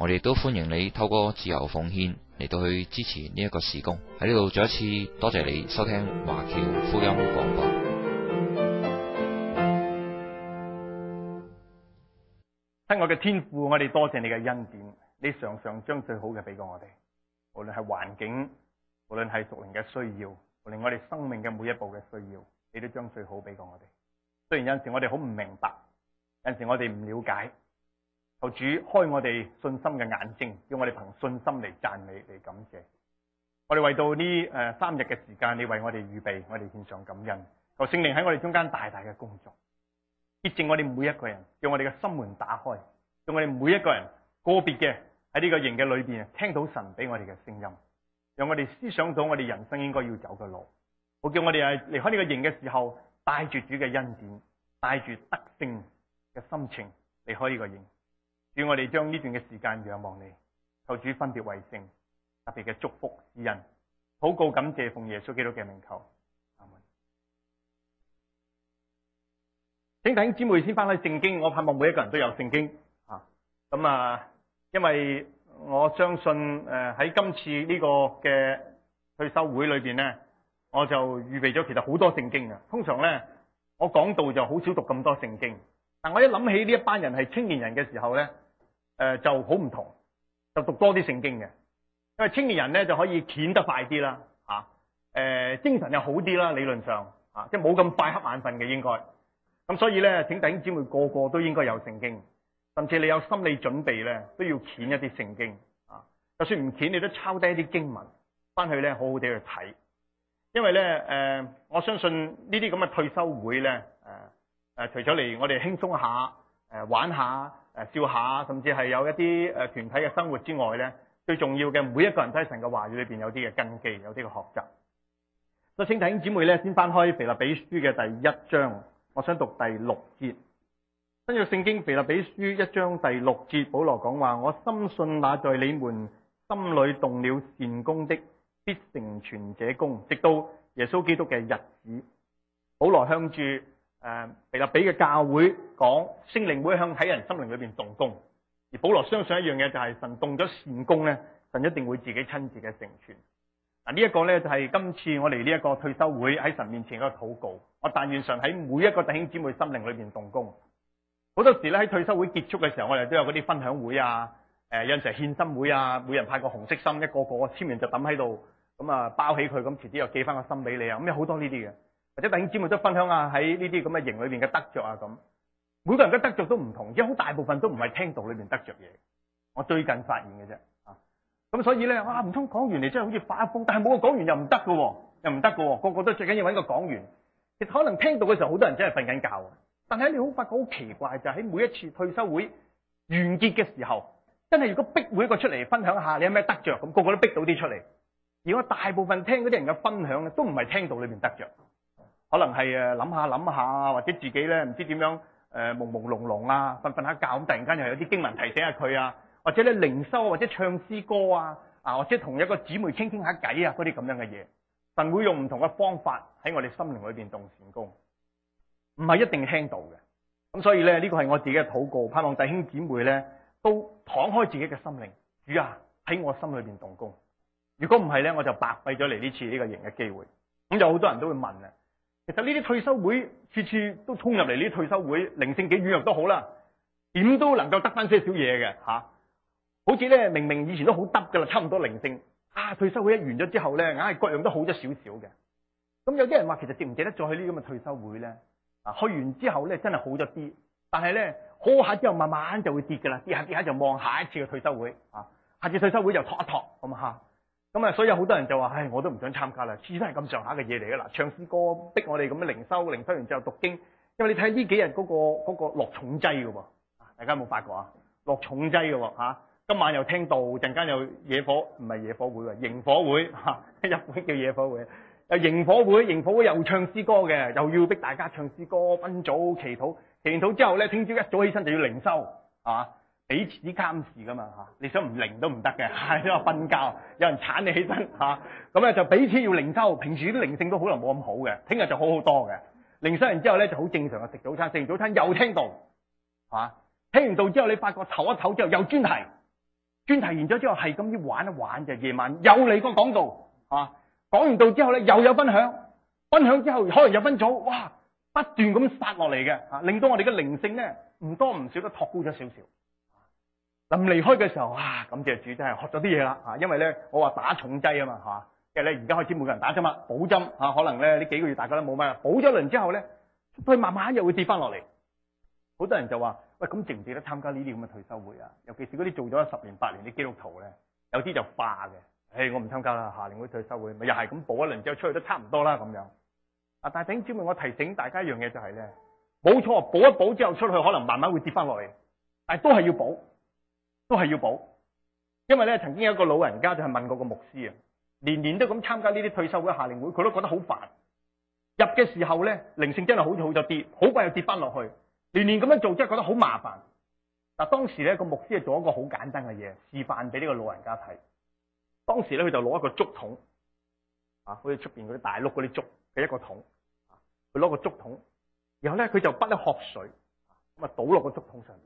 我哋都歡迎你透過自由奉獻嚟到去支持呢一個事工。喺呢度再一次多謝你收聽華僑福音廣播。親愛嘅天父，我哋多謝你嘅恩典，你常常將最好嘅俾過我哋。無論係環境，無論係屬靈嘅需要，無論我哋生命嘅每一步嘅需要，你都將最好俾過我哋。雖然有陣時我哋好唔明白，有陣時我哋唔了解。求主開我哋信心嘅眼睛，叫我哋憑信心嚟讚美，嚟感謝。我哋為到呢誒三日嘅時間，你為我哋預備，我哋獻上感恩。求聖靈喺我哋中間大大嘅工作，潔淨我哋每一個人，叫我哋嘅心門打開，用我哋每一個人個別嘅喺呢個營嘅裏邊聽到神俾我哋嘅聲音，讓我哋思想到我哋人生應該要走嘅路。我叫我哋喺離開呢個營嘅時候，帶住主嘅恩典，帶住得勝嘅心情離開呢個營。主，我哋將呢段嘅時間仰望你，求主分別為聖，特別嘅祝福使人，禱告感謝奉耶穌基督嘅名求。請弟兄姊妹先翻去聖經，我盼望每一個人都有聖經啊。咁啊，因為我相信誒喺今次呢個嘅退修會裏邊咧，我就預備咗其實好多聖經啊，通常咧我講道就好少讀咁多聖經，但我一諗起呢一班人係青年人嘅時候咧。誒，就好唔同，就讀多啲聖經嘅，因為青年人咧就可以潛得快啲啦，吓，誒，精神又好啲啦，理論上，吓，即係冇咁快黑眼瞓嘅應該，咁所以咧，請弟兄姊妹個個都應該有聖經，甚至你有心理準備咧，都要潛一啲聖經，啊，就算唔潛，你都抄低一啲經文翻去咧，好好地去睇，因為咧，誒、呃，我相信呢啲咁嘅退休會咧，誒、呃，誒、呃，除咗嚟我哋輕鬆下，誒、呃，玩下。誒笑下，甚至係有一啲誒團體嘅生活之外咧，最重要嘅每一個人喺神嘅話語裏邊有啲嘅根基，有啲嘅學習。咁請弟兄姊妹咧先翻開《腓立比書》嘅第一章，我想讀第六節。跟住聖經《腓立比書》一章第六節，保羅講話：我深信那在你們心裏動了善工的，必成全者工，直到耶穌基督嘅日子。保羅向住。誒，腓立比嘅教會講聖靈會向喺人心靈裏邊動工，而保羅相信一樣嘢就係、是、神動咗善工，咧，神一定會自己親自嘅成全。嗱呢一個咧就係今次我嚟，呢一個退休會喺神面前一個禱告，我但願神喺每一個弟兄姊妹心靈裏邊動工。好多時咧喺退休會結束嘅時候，我哋都有嗰啲分享會啊，誒有陣時獻心會啊，每人派個紅色心，一個個，個我簽完就抌喺度，咁啊包起佢，咁遲啲又寄翻個心俾你啊，咁有好多呢啲嘅。或者弟兄姊妹都分享下喺呢啲咁嘅營裏邊嘅得着啊，咁，每個人嘅得着都唔同，而且好大部分都唔係聽到裏邊得着嘢。我最近發現嘅啫啊。咁所以咧啊，唔通講完嚟真係好似發瘋，但係冇個講完又唔得嘅喎，又唔得嘅喎，個個都最緊要揾個講完。其實可能聽到嘅時候，好多人真係瞓緊覺啊，但係你好發覺好奇怪，就喺每一次退修會完結嘅時候，真係如果逼每一個出嚟分享下你有咩得着咁，個個都逼到啲出嚟。而果大部分聽嗰啲人嘅分享都唔係聽到裏邊得着。可能係誒諗下諗下，或者自己咧唔知點樣誒朦朦朧朧啊，瞓瞓下覺，突然間又有啲經文提醒下佢啊，或者咧靈修或者唱詩歌啊，啊或者同一個姊妹傾傾下偈啊，嗰啲咁樣嘅嘢，神會用唔同嘅方法喺我哋心靈裏邊動善功，唔係一定聽到嘅。咁所以咧，呢個係我自己嘅禱告，盼望弟兄姊妹咧都敞開自己嘅心靈，主啊，喺我心裏邊動工。如果唔係咧，我就白費咗嚟，呢次呢個營嘅機會。咁有好多人都會問啊。其實呢啲退休會次次都衝入嚟，呢啲退休會靈性幾軟弱都好啦，點都能夠得翻些少嘢嘅吓。好似咧，明明以前都好得噶啦，差唔多靈性啊。退休會一完咗之後咧，硬係各樣都好咗少少嘅。咁有啲人話，其實值唔值得再去呢啲咁嘅退休會咧？啊，去完之後咧，真係好咗啲，但係咧好下之後慢慢就會跌噶啦，跌下跌下就望下一次嘅退休會啊。下次退休會又托一托。好唔好啊？咁啊、嗯，所以好多人就話，唉，我都唔想參加啦，始終係咁上下嘅嘢嚟嘅。嗱，唱詩歌逼我哋咁樣靈修，靈修完之後讀經。因為你睇呢幾日嗰、嗰個嗰個落重劑嘅喎，大家有冇發覺啊？落重劑嘅喎嚇，今晚又聽到，陣間又野火，唔係野火會嘅，營火會嚇，一般叫野火會，又營火會，營火會又唱詩歌嘅，又要逼大家唱詩歌，分組祈禱，祈禱之後咧，聽朝一早起身就要靈修，係、啊彼此監視噶嘛嚇，你想唔靈都唔得嘅，係 因為瞓覺有人鏟你起身嚇，咁 咧就彼此要靈修，平時啲靈性都可能冇咁好嘅，聽日就好好多嘅。靈修完之後咧就好正常嘅食早餐，食完早餐又聽道嚇、啊，聽完道之後你發覺唞一唞之後又專題，專題完咗之後係咁啲玩一玩就夜晚又嚟個講道嚇，講完道之後咧又有分享，分享之後可能有分組，哇，不斷咁殺落嚟嘅嚇，令到我哋嘅靈性咧唔多唔少都托高咗少少。臨離開嘅時候，哇、啊！感謝主，真係學咗啲嘢啦嚇。因為咧，我話打重劑啊嘛，嚇、啊，即係咧，而家開始每個人打針啦，補針嚇、啊。可能咧呢幾個月大家都冇咩啦，補咗一輪之後咧，佢慢慢又會跌翻落嚟。好多人就話：喂，咁值唔值得參加呢啲咁嘅退休會啊？尤其是嗰啲做咗十年八年啲基督徒咧，有啲就化嘅。誒、欸，我唔參加啦，下年嗰啲退休會咪又係咁補一輪之後出去都差唔多啦咁樣。啊，但係請，只不過我提醒大家一樣嘢就係、是、咧，冇錯，補一補之後出去，可能慢慢會跌翻落嚟，但係都係要補。都係要補，因為咧，曾經有一個老人家就係問過個牧師啊，年年都咁參加呢啲退休會、夏令會，佢都覺得好煩。入嘅時候咧，靈性真係好似好就跌，好快又跌翻落去。年年咁樣做真係覺得好麻煩。嗱，當時咧個牧師係做一個好簡單嘅嘢，示範俾呢個老人家睇。當時咧佢就攞一個竹筒啊，好似出邊嗰啲大碌嗰啲竹嘅一個筒，佢攞個竹筒，然後咧佢就滗啲殼水咁啊，就倒落個竹筒上面。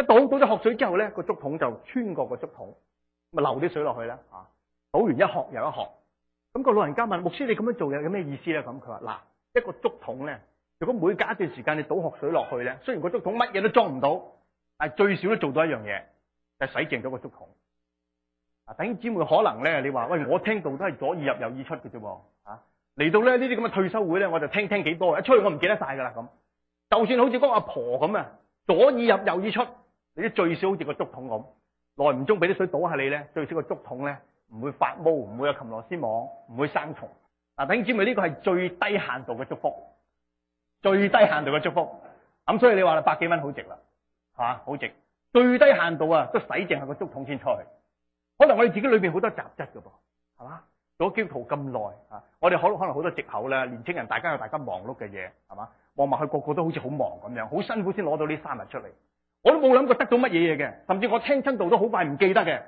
一倒倒咗殼水之後咧，個竹筒就穿過個竹筒，咪流啲水落去咧嚇。倒完一殼又一殼。咁、嗰個老人家問牧師：你咁樣做嘢有咩意思咧？咁佢話：嗱，一個竹筒咧，如果每隔一段時間你倒殼水落去咧，雖然個竹筒乜嘢都裝唔到，但最少都做到一樣嘢，就係、洗淨咗個竹筒。啊，弟兄姊妹可能咧，你話喂，我聽到都係左耳入右耳出嘅啫，嚇、啊、嚟到咧呢啲咁嘅退休會咧，我就聽聽幾多，一出去我唔記得晒㗎啦。咁就算好似個阿婆咁啊，左耳入右耳出。你啲最少好似個竹筒咁，耐唔中俾啲水倒下你咧，最少個竹筒咧唔會發毛，唔會有蠄蟧絲網，唔會生蟲。嗱、啊，頂姊妹呢個係最低限度嘅祝福，最低限度嘅祝福。咁、啊、所以你話啦，百幾蚊好值啦，係嘛好值？最低限度啊，都洗淨係個竹筒先出去。可能我哋自己裏邊好多雜質噶噃，係嘛？做咗基督徒咁耐啊，我哋可可能好多借口啦、啊。年青人大家有大家忙碌嘅嘢，係嘛？望埋去個個都好似好忙咁樣，好辛苦先攞到呢三日出嚟。我都冇諗過得到乜嘢嘢嘅，甚至我聽親道都好快唔記得嘅，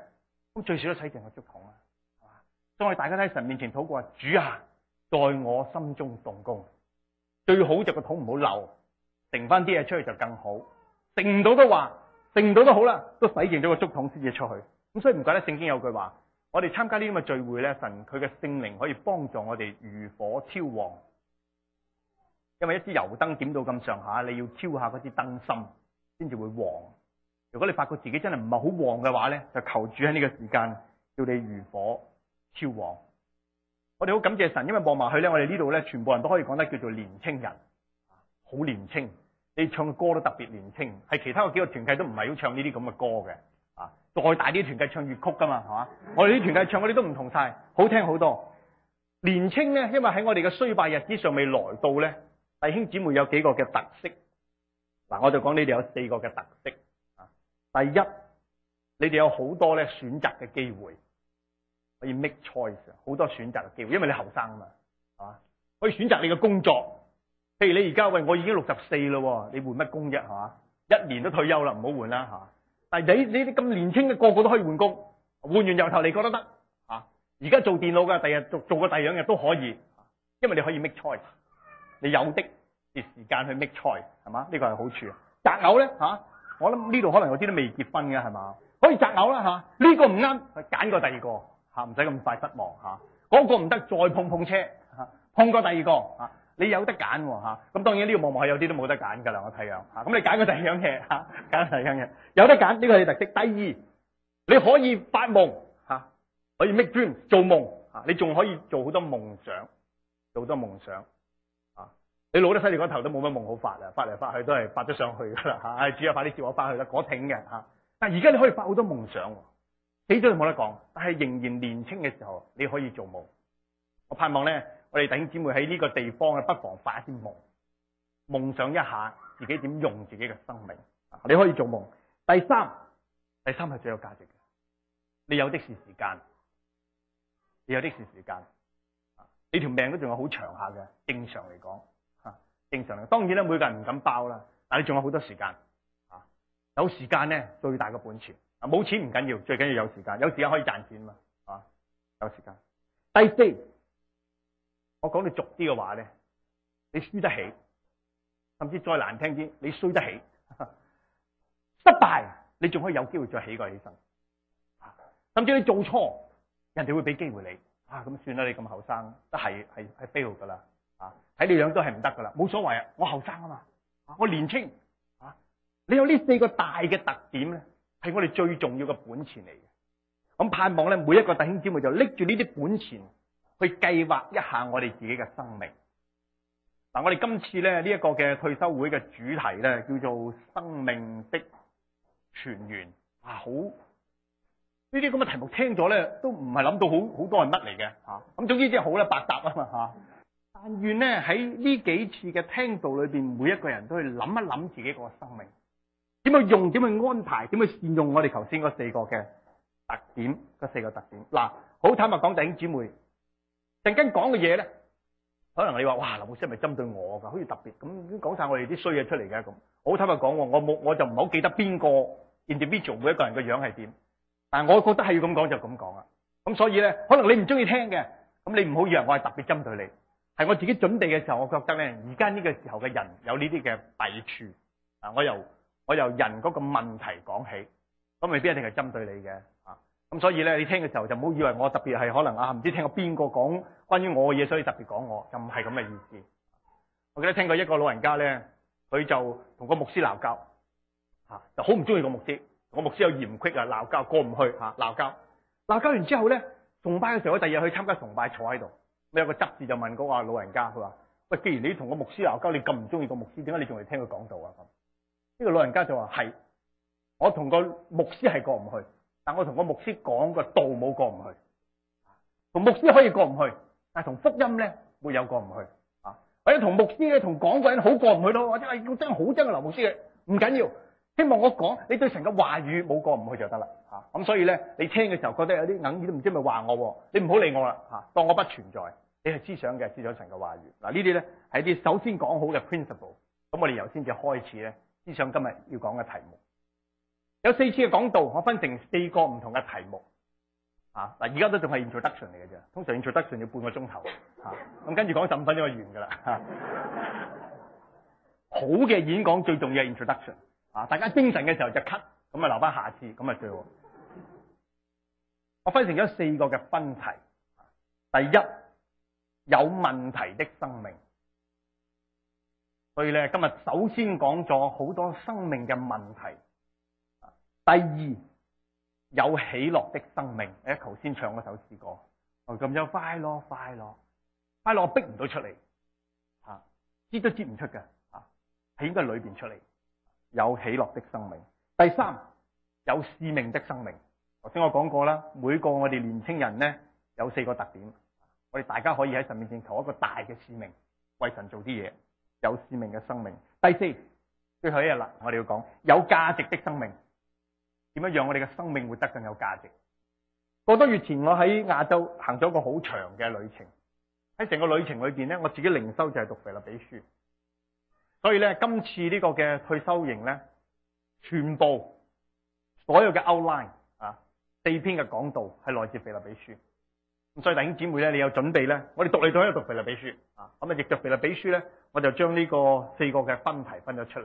咁最少都洗淨個竹筒啦，係嘛？當係大家喺神面前禱告啊，主啊，在我心中動工，最好就個桶唔好漏，剩翻啲嘢出去就更好，剩唔到都話，剩唔到都好啦，都洗淨咗個竹筒先至出去。咁所以唔怪得聖經有句話，我哋參加呢啲咁嘅聚會咧，神佢嘅聖靈可以幫助我哋如火挑旺，因為一支油燈點到咁上下，你要挑下嗰支燈芯。先至會旺。如果你發覺自己真係唔係好旺嘅話咧，就求主喺呢個時間叫你如火超旺。我哋好感謝神，因為望埋去咧，我哋呢度咧全部人都可以講得叫做年青人，好年青。你唱嘅歌都特別年青，係其他嘅幾個團契都唔係好唱呢啲咁嘅歌嘅。啊，再大啲團契唱粵曲㗎嘛，係嘛？我哋啲團契唱，嗰啲都唔同晒。好聽好多。年青咧，因為喺我哋嘅衰敗日子上，未來到咧，弟兄姊妹有幾個嘅特色。嗱，我就講你哋有四個嘅特色啊。第一，你哋有好多咧選擇嘅機會，可以 make choice，好多選擇嘅機會，因為你後生嘛，係嘛？可以選擇你嘅工作，譬如你而家喂我已經六十四咯，你換乜工啫，係嘛？一年都退休啦，唔好換啦，吓。但係你你啲咁年青嘅個個都可以換工，換完由頭嚟，覺得得，吓。而家做電腦嘅第日做做個第二樣嘢都可以，因為你可以 make choice，你有的。時間去搣菜，係嘛？呢個係好處。擇偶咧，吓、啊，我諗呢度可能有啲都未結婚嘅，係嘛？可以擇偶啦，吓、啊。呢、這個唔啱，揀個第二個，吓、啊，唔使咁快失望，吓、啊。嗰、那個唔得，再碰碰車，吓、啊，碰過第二個，吓、啊，你有得揀，吓、啊。咁當然呢個望望係有啲都冇得揀噶啦，我睇樣，吓、啊。咁你揀個第二樣嘢，吓、啊，揀第二樣嘢，有得揀呢、這個係特色。第二，你可以發夢，吓、啊，可以 make dream，做夢，吓、啊，你仲可以做好多夢想，做多夢想。你老得犀利嗰頭都冇乜夢好發啊，發嚟發去都係發咗上去噶啦吓，唉，主啊快啲接我翻去啦，嗰挺嘅吓。但係而家你可以發好多夢想，死咗就冇得講。但係仍然年青嘅時候，你可以做夢。我盼望咧，我哋弟兄姊妹喺呢個地方啊，不妨發一啲夢，夢想一下自己點用自己嘅生命。你可以做夢。第三，第三係最有價值嘅。你有的是時間，你有的是時間，你條命都仲有好長下嘅，正常嚟講。正常當然啦，每個人唔敢包啦。但你仲有好多時間，有時間咧，最大嘅本錢。啊，冇錢唔緊要，最緊要有時間，有時間可以賺錢嘛？啊，有時間。第四，我講你俗啲嘅話咧，你輸得起，甚至再難聽啲，你衰得起，失敗你仲可以有機會再起過起身。甚至你做錯，人哋會俾機會你。啊，咁算啦，你咁後生，都係係係 fail 噶啦。睇你樣都係唔得噶啦，冇所謂啊！我後生啊嘛，我年青啊！你有呢四個大嘅特點咧，係我哋最重要嘅本錢嚟嘅。咁盼望咧，每一個弟兄姊妹就拎住呢啲本錢去計劃一下我哋自己嘅生命。嗱，我哋今次咧呢一、這個嘅退休會嘅主題咧，叫做生命的泉源啊！好呢啲咁嘅題目聽咗咧，都唔係諗到好好多係乜嚟嘅吓。咁、啊、總之即係好啦，白搭啊嘛吓。但願咧，喺呢幾次嘅聽道裏邊，每一個人都去諗一諗自己個生命點去用，點去安排，點去善用我哋頭先嗰四個嘅特點，嗰四個特點。嗱，好坦白講，弟兄姊妹，陣間講嘅嘢咧，可能你話哇，劉牧師係咪針對我噶，好似特別咁，已經講晒我哋啲衰嘢出嚟嘅咁。好坦白講，我冇，我就唔係好記得邊個 individual 每一個人個樣係點，但係我覺得係要咁講就咁講啦。咁所以咧，可能你唔中意聽嘅，咁你唔好以為我係特別針對你。我自己準備嘅時候，我覺得咧，而家呢個時候嘅人有呢啲嘅弊處。啊，我由我由人嗰個問題講起，咁未必一定係針對你嘅。啊，咁所以咧，你聽嘅時候就唔好以為我特別係可能啊，唔知聽過邊個講關於我嘅嘢，所以特別講我，就唔係咁嘅意思。我記得聽過一個老人家咧，佢就同個牧師鬧交，啊，就好唔中意個牧師。個牧師有嫌隙啊，鬧交過唔去嚇，鬧交鬧交完之後咧，崇拜嘅時候，我第二日去參加崇拜，坐喺度。你有個執事就問嗰個老人家，佢話喂，既然你同個牧師鬧交，你咁唔中意個牧師，點解你仲會聽佢講道啊？咁呢個老人家就話：係我同個牧師係過唔去，但我同個牧師講個道冇過唔去。同牧師可以過唔去，但係同福音咧會有過唔去啊。或者同牧師咧同講嗰人好過唔去咯，或者喂要真係好憎嘅劉牧師嘅，唔緊要，希望我講你對成嘅話語冇過唔去就得啦。吓咁，所以咧你聽嘅時候覺得有啲硬耳都唔知咪話我，你唔好理我啦，吓，當我不存在。你係思想嘅思想，神嘅話語嗱，呢啲咧係啲首先講好嘅 principle。咁我哋由先至開始咧，思想今日要講嘅題目有四次嘅講道，我分成四個唔同嘅題目啊嗱，而家都仲係 introduction 嚟嘅啫。通常 introduction 要半個鐘頭啊，咁跟住講十五分鐘就完㗎啦，啊。好嘅演講最重要係 introduction 啊！大家精神嘅時候就 cut，咁啊留翻下次咁啊最好。我分成咗四個嘅分題，啊，第一。有問題的生命，所以咧今日首先講咗好多生命嘅問題。第二，有喜樂的生命，誒，頭先唱嗰首詩歌，哦咁樣，快樂快樂快樂，我逼唔到出嚟，啊，擠都擠唔出嘅，啊，係應該裏邊出嚟有喜樂的生命。第三，有使命的生命，頭先我講過啦，每個我哋年青人咧有四個特點。我哋大家可以喺神面前求一個大嘅使命，為神做啲嘢，有使命嘅生命。第四，最後一日啦，我哋要講有價值的生命，點樣讓我哋嘅生命活得更有價值。個多月前我喺亞洲行咗個好長嘅旅程，喺成個旅程裏邊咧，我自己靈修就係讀腓立比書。所以咧，今次呢個嘅退修營咧，全部所有嘅 outline 啊，四篇嘅講道係來自腓立比書。咁所以弟兄姊妹咧，你有準備咧，我哋讀你到喺度讀《腓立比書》啊，咁啊，譯作《腓立比書》咧，我就將呢個四個嘅分題分咗出嚟。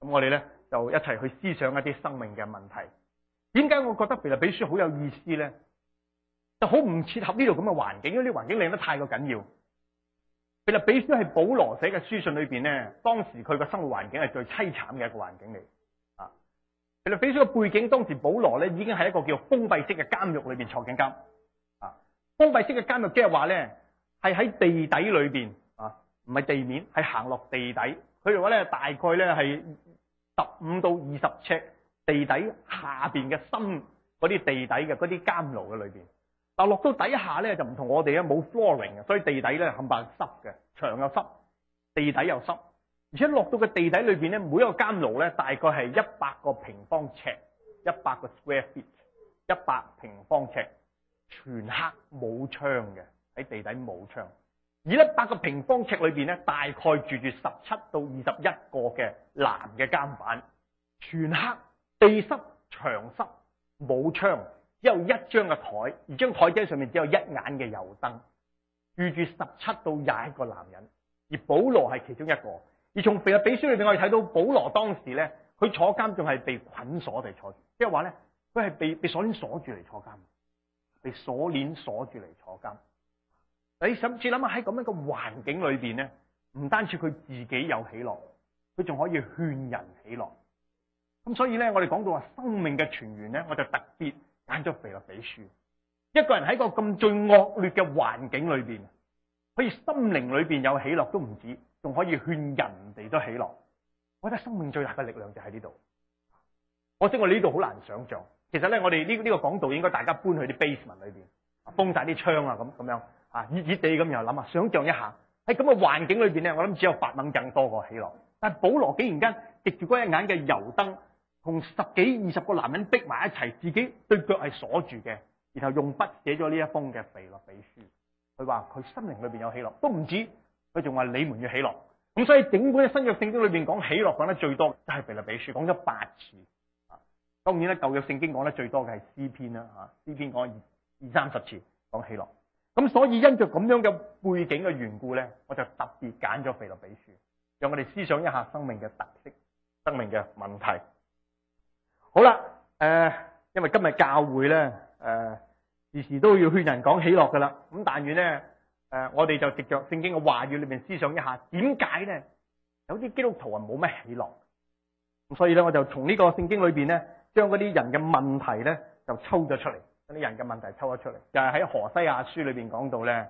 咁我哋咧就一齊去思想一啲生命嘅問題。點解我覺得《腓立比書》好有意思咧？就好唔切合呢度咁嘅環境，因為啲環境令得太過緊要。《腓立比書》係保羅寫嘅書信裏邊咧，當時佢個生活環境係最淒慘嘅一個環境嚟。啊，《腓立比書》嘅背景，當時保羅咧已經喺一個叫封閉式嘅監獄裏邊坐緊監。封閉式嘅監獄，即係話咧，係喺地底裏邊啊，唔係地面，係行落地底。佢哋話咧，大概咧係十五到二十尺地底下邊嘅深嗰啲地底嘅嗰啲監牢嘅裏邊。但落到底下咧，就唔同我哋咧，冇 flooring 嘅，所以地底咧冚唪唥濕嘅，牆又濕，地底又濕。而且落到個地底裏邊咧，每一個監牢咧大概係一百個平方尺，一百個 square feet，一百平方尺。全黑冇窗嘅，喺地底冇窗。而一百個平方尺裏邊咧，大概住住十七到二十一個嘅男嘅監犯。全黑，地濕、牆濕，冇窗，只有一張嘅台，而張台仔上面只有一眼嘅油燈。住住十七到廿一個男人，而保羅係其中一個。而從《腓立比書》裏邊，我哋睇到保羅當時咧，佢坐監仲係被捆鎖地坐住，即係話咧，佢係被被鎖鏈鎖住嚟坐監。被鎖鏈鎖住嚟坐監，你甚至諗下喺咁樣嘅環境裏邊咧，唔單止佢自己有喜樂，佢仲可以勸人喜樂。咁所以咧，我哋講到話生命嘅泉源咧，我就特別揀咗腓立比書。一個人喺個咁最惡劣嘅環境裏邊，靈裡面可以心靈裏邊有喜樂都唔止，仲可以勸人哋都喜樂。我覺得生命最大嘅力量就喺呢度。我知我呢度好難想象。其實咧、這個，我哋呢呢個講道應該大家搬去啲 basement 裏邊，封晒啲窗啊，咁咁樣啊，熱熱地咁然後諗啊，想象一下喺咁嘅環境裏邊咧，我諗只有發冷震，多過喜樂。但係保羅竟然間滴住嗰一眼嘅油燈，同十幾二十個男人逼埋一齊，自己對腳係鎖住嘅，然後用筆寫咗呢一封嘅腓立比書。佢話佢心靈裏邊有喜樂，都唔止。佢仲話你們要喜樂。咁所以整本嘅新約聖經裏邊講喜樂講得最多，就係腓立比書講咗八次。當然咧，舊約聖經講得最多嘅係詩篇啦，吓，詩篇講二二三十次講喜樂，咁所以因着咁樣嘅背景嘅緣故咧，我就特別揀咗腓立比書，讓我哋思想一下生命嘅特色、生命嘅問題。好啦，誒、呃，因為今日教會咧，誒、呃，時時都要勸人講喜樂噶啦，咁但願咧，誒、呃，我哋就藉着聖經嘅話語裏面思想一下，點解咧，有啲基督徒啊冇咩喜樂？咁所以咧，我就從呢個聖經裏邊咧。將嗰啲人嘅問題咧，就抽咗出嚟。嗰啲人嘅問題抽咗出嚟，就係喺何西亞書裏邊講到咧，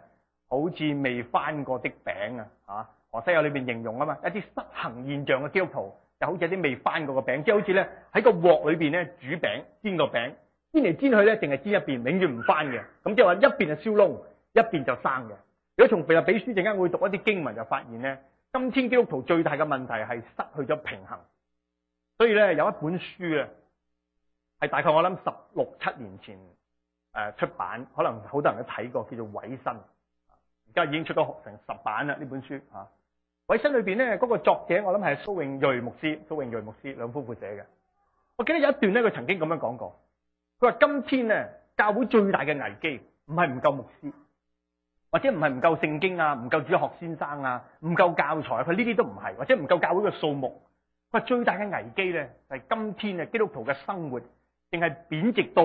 好似未翻過的餅啊嚇！何西亞裏邊形容啊嘛，一啲失衡現象嘅基督徒，就好似一啲未翻過嘅餅，即係好似咧喺個鑊裏邊咧煮餅煎個餅，煎嚟煎，煎去咧，淨係煎一邊，永遠唔翻嘅。咁即係話一邊就燒窿，一邊就生嘅。如果從腓立比書陣間會讀一啲經文，就發現咧，今天基督徒最大嘅問題係失去咗平衡。所以咧有一本書啊。係大概我諗十六七年前誒，出版，可能好多人都睇過，叫做《偉新》。而家已經出咗成十版啦呢本書嚇。《偉新》裏邊咧嗰個作者，我諗係蘇永瑞牧師、蘇永瑞牧師兩夫婦寫嘅。我記得有一段咧，佢曾經咁樣講過：佢話今天咧教會最大嘅危機，唔係唔夠牧師，或者唔係唔夠聖經啊、唔夠主學先生啊、唔夠教材。佢呢啲都唔係，或者唔夠教會嘅數目。佢話最大嘅危機咧就係今天啊基督徒嘅生活，定係貶值到，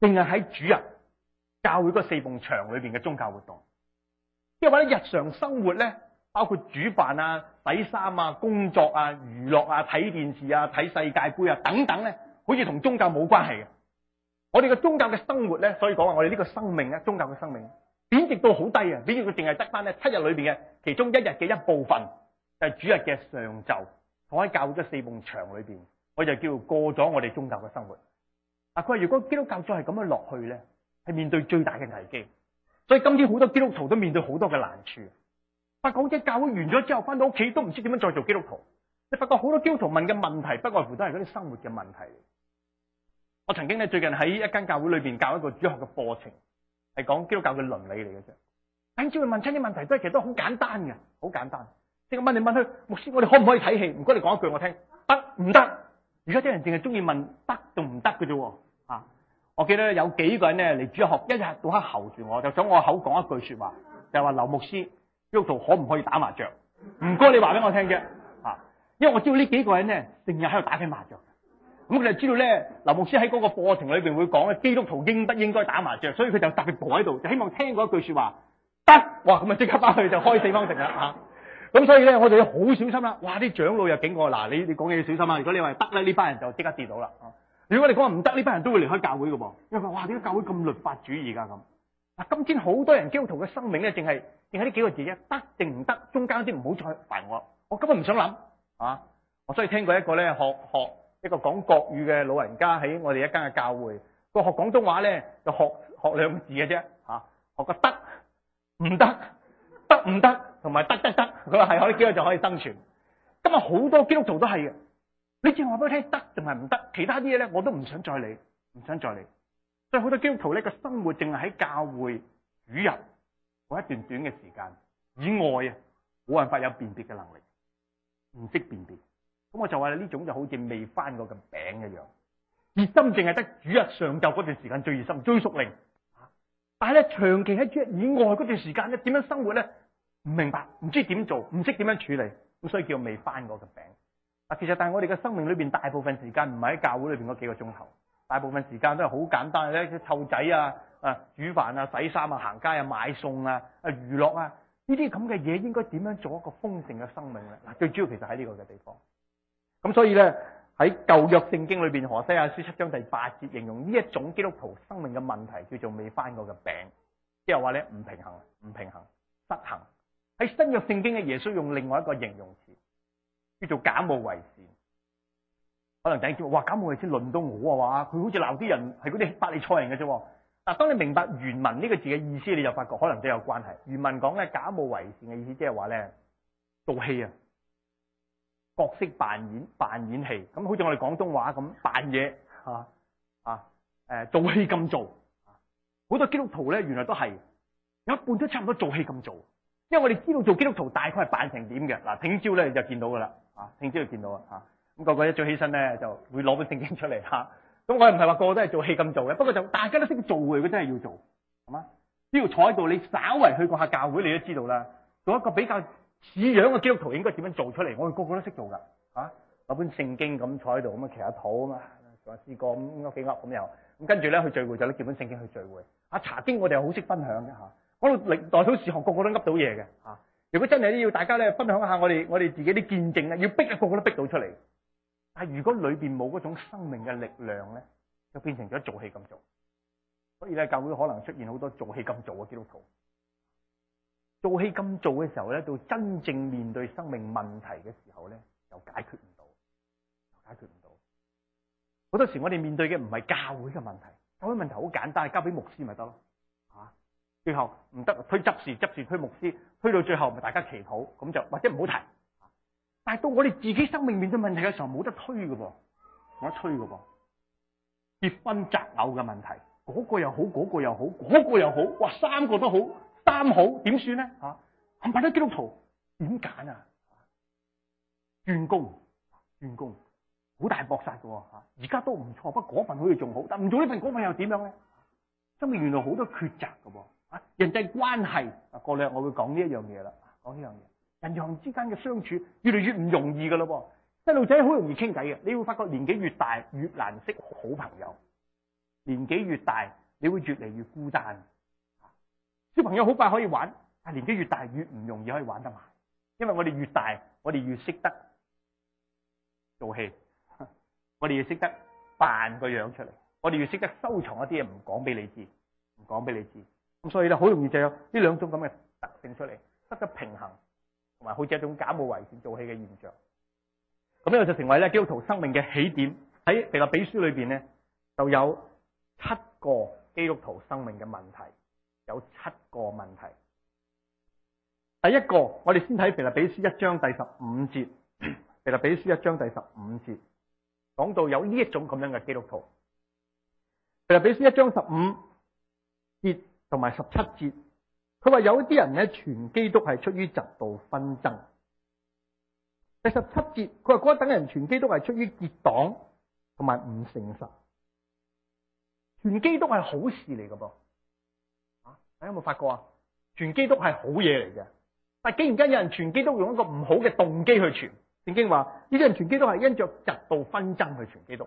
定係喺主日教會嗰四埲牆裏邊嘅宗教活動，即係或者日常生活咧，包括煮飯啊、洗衫啊、工作啊、娛樂啊、睇電視啊、睇世界杯啊等等咧，好似同宗教冇關係嘅。我哋嘅宗教嘅生活咧，所以講話我哋呢個生命咧，宗教嘅生命貶值到好低啊！比如佢淨係得翻咧七日裏邊嘅其中一日嘅一部分，就係主日嘅上晝，同喺教會嘅四埲牆裏邊。我就叫過咗我哋宗教嘅生活。啊，佢話如果基督教再係咁樣落去咧，係面對最大嘅危機。所以今天好多基督徒都面對好多嘅難處。發覺者教會完咗之後，翻到屋企都唔知點樣再做基督徒。你發覺好多基督徒問嘅問題，不外乎都係嗰啲生活嘅問題。我曾經咧最近喺一間教會裏邊教一個主學嘅課程，係講基督教嘅倫理嚟嘅啫。點知佢問親啲問題，都係其實都好簡單嘅，好簡單。即係問你問佢：，牧師，我哋可唔可以睇戲？唔該，你講一句我聽，得唔得？而家啲人淨係中意問得同唔得嘅啫，啊！我記得有幾個人咧嚟主學，一日到黑候住我，就想我口講一句說話，就話劉牧師，基督徒可唔可以打麻雀？唔該你話俾我聽啫，啊！因為我知道呢幾個人咧成日喺度打緊麻雀，咁佢就知道咧，劉牧師喺嗰個課程裏邊會講咧，基督徒應不應該打麻雀，所以佢就特別坐喺度，就希望聽嗰一句說話，得，哇！咁啊即刻翻去就開四方城啦，啊！咁所以咧，我哋要好小心啦！哇，啲長老又警告：嗱、啊，你你講嘢要小心啊！如果你話得咧，呢班人就即刻跌到啦；如果你講話唔得，呢班人都會離開教會嘅噃。因為哇，點解教會咁律法主義而家咁？嗱，今天好多人基督徒嘅生命咧，淨係淨係呢幾個字啫：得定唔得？中間嗰啲唔好再煩我，我根本唔想諗啊！我所以聽過一個咧，學學一個講國語嘅老人家喺我哋一間嘅教會，佢學廣東話咧，就學學兩個字嘅啫嚇，學個得唔得？得唔得？同埋得得得，佢話係可以，基督就可以生存。今日好多基督徒都係嘅，你只係話俾佢聽得定係唔得，其他啲嘢咧我都唔想再理，唔想再理。所以好多基督徒咧個生活淨係喺教會主日嗰一段短嘅時間以外啊，冇辦法有辨別嘅能力，唔識辨別。咁我就話呢種就好似未翻過嘅餅一樣，熱心淨係得主日上晝嗰段時間最熱心、追屬靈，但係咧長期喺主日以外嗰段時間咧，點樣生活咧？唔明白，唔知點做，唔識點樣處理，咁所以叫未翻過嘅餅。嗱，其實但係我哋嘅生命裏邊，大部分時間唔係喺教會裏邊嗰幾個鐘頭，大部分時間都係好簡單嘅咧，湊仔啊，啊煮飯啊，洗衫啊，行街啊，買餸啊，啊娛樂啊，呢啲咁嘅嘢應該點樣做一個豐盛嘅生命咧？嗱，最主要其實喺呢個嘅地方。咁所以咧喺舊約聖經裏邊，何西亞書七章第八節形容呢一種基督徒生命嘅問題，叫做未翻過嘅餅，即係話咧唔平衡，唔平衡，失衡。喺新約聖經嘅耶穌用另外一個形容詞叫做假冒為善，可能大家話，哇，假冒為善輪唔到我啊？哇！佢好似鬧啲人係嗰啲法利賽人嘅啫。嗱，當你明白原文呢個字嘅意思，你就發覺可能都有關係。原文講咧假冒為善嘅意思，即係話咧做戲啊，角色扮演扮演戲咁，好似我哋廣東話咁扮嘢，吓吓誒做戲咁做。好多基督徒咧，原來都係有一半都差唔多做戲咁做。因為我哋知道做基督徒大概係扮成點嘅，嗱聽朝咧就見到噶啦，啊聽朝就見到啦，啊咁個個一早起身咧就會攞本聖經出嚟吓，咁我又唔係話個個都係做戲咁做嘅，不過就大家都識得做會，佢真係要做，係嘛？只要坐喺度，你稍為去過下教會，你都知道啦。做一個比較似樣嘅基督徒應該點樣做出嚟？我哋個個都識做噶，啊攞本聖經咁坐喺度，咁啊祈下禱啊嘛，仲有試過咁攞幾鈎咁又，咁跟住咧去聚會就搦住本聖經去聚會，啊查經我哋又好識分享嘅吓。啊嗰度代數時學個個都噏到嘢嘅嚇。如果真係要大家咧分享下我哋我哋自己啲見證咧，要逼一個個都逼到出嚟。但係如果裏邊冇嗰種生命嘅力量咧，就變成咗做戲咁做。所以咧，教會可能出現好多做戲咁做嘅基督徒。做戲咁做嘅時候咧，到真正面對生命問題嘅時候咧，又解決唔到，解決唔到。好多時我哋面對嘅唔係教會嘅問題，教會問題好簡單，交俾牧師咪得咯。最後唔得，推執事，執事推牧師，推到最後咪大家祈禱，咁就或者唔好提。但係到我哋自己生命面對問題嘅時候，冇得推㗎噃，冇得推㗎噃。結婚擇偶嘅問題，嗰個又好，嗰個又好，嗰個又好，哇，三個都好，三個好，點算咧？吓，係咪都基督徒？點揀啊？怨工，怨工，好大搏殺嘅吓。而家都唔錯，不過嗰份好似仲好，但唔做呢份嗰份又點樣咧？生命原來好多抉擇嘅噃。人際關係啊，過兩日我會講呢一樣嘢啦。講呢樣嘢，人與人之間嘅相處越嚟越唔容易㗎咯噃。細路仔好容易傾偈嘅，你會發覺年紀越大越難識好朋友。年紀越大，你會越嚟越孤單。小朋友好快可以玩，啊，年紀越大越唔容易可以玩得埋，因為我哋越大，我哋越識得做戲，我哋越識得扮個樣出嚟，我哋越識得收藏一啲嘢唔講俾你知，唔講俾你知。咁所以咧，好容易就有呢兩種咁嘅特性出嚟，失咗平衡，同埋好似一種假冒為善做戲嘅現象。咁呢個就成為咧基督徒生命嘅起點。喺腓立比書裏邊咧，就有七個基督徒生命嘅問題，有七個問題。第一個，我哋先睇腓立比書一章第十五節。腓立比書一章第十五節講到有呢一種咁樣嘅基督徒。腓立比書一章十五節。同埋十七節，佢話有啲人咧，傳基督係出於嫉妒紛爭。第十七節，佢話嗰等人傳基督係出於結黨同埋唔誠實。傳基督係好事嚟噶噃，啊，大家有冇發覺啊？傳基督係好嘢嚟嘅，但係竟然間有人傳基督用一個唔好嘅動機去傳。聖經話呢啲人傳基督係因着嫉妒紛爭去傳基督，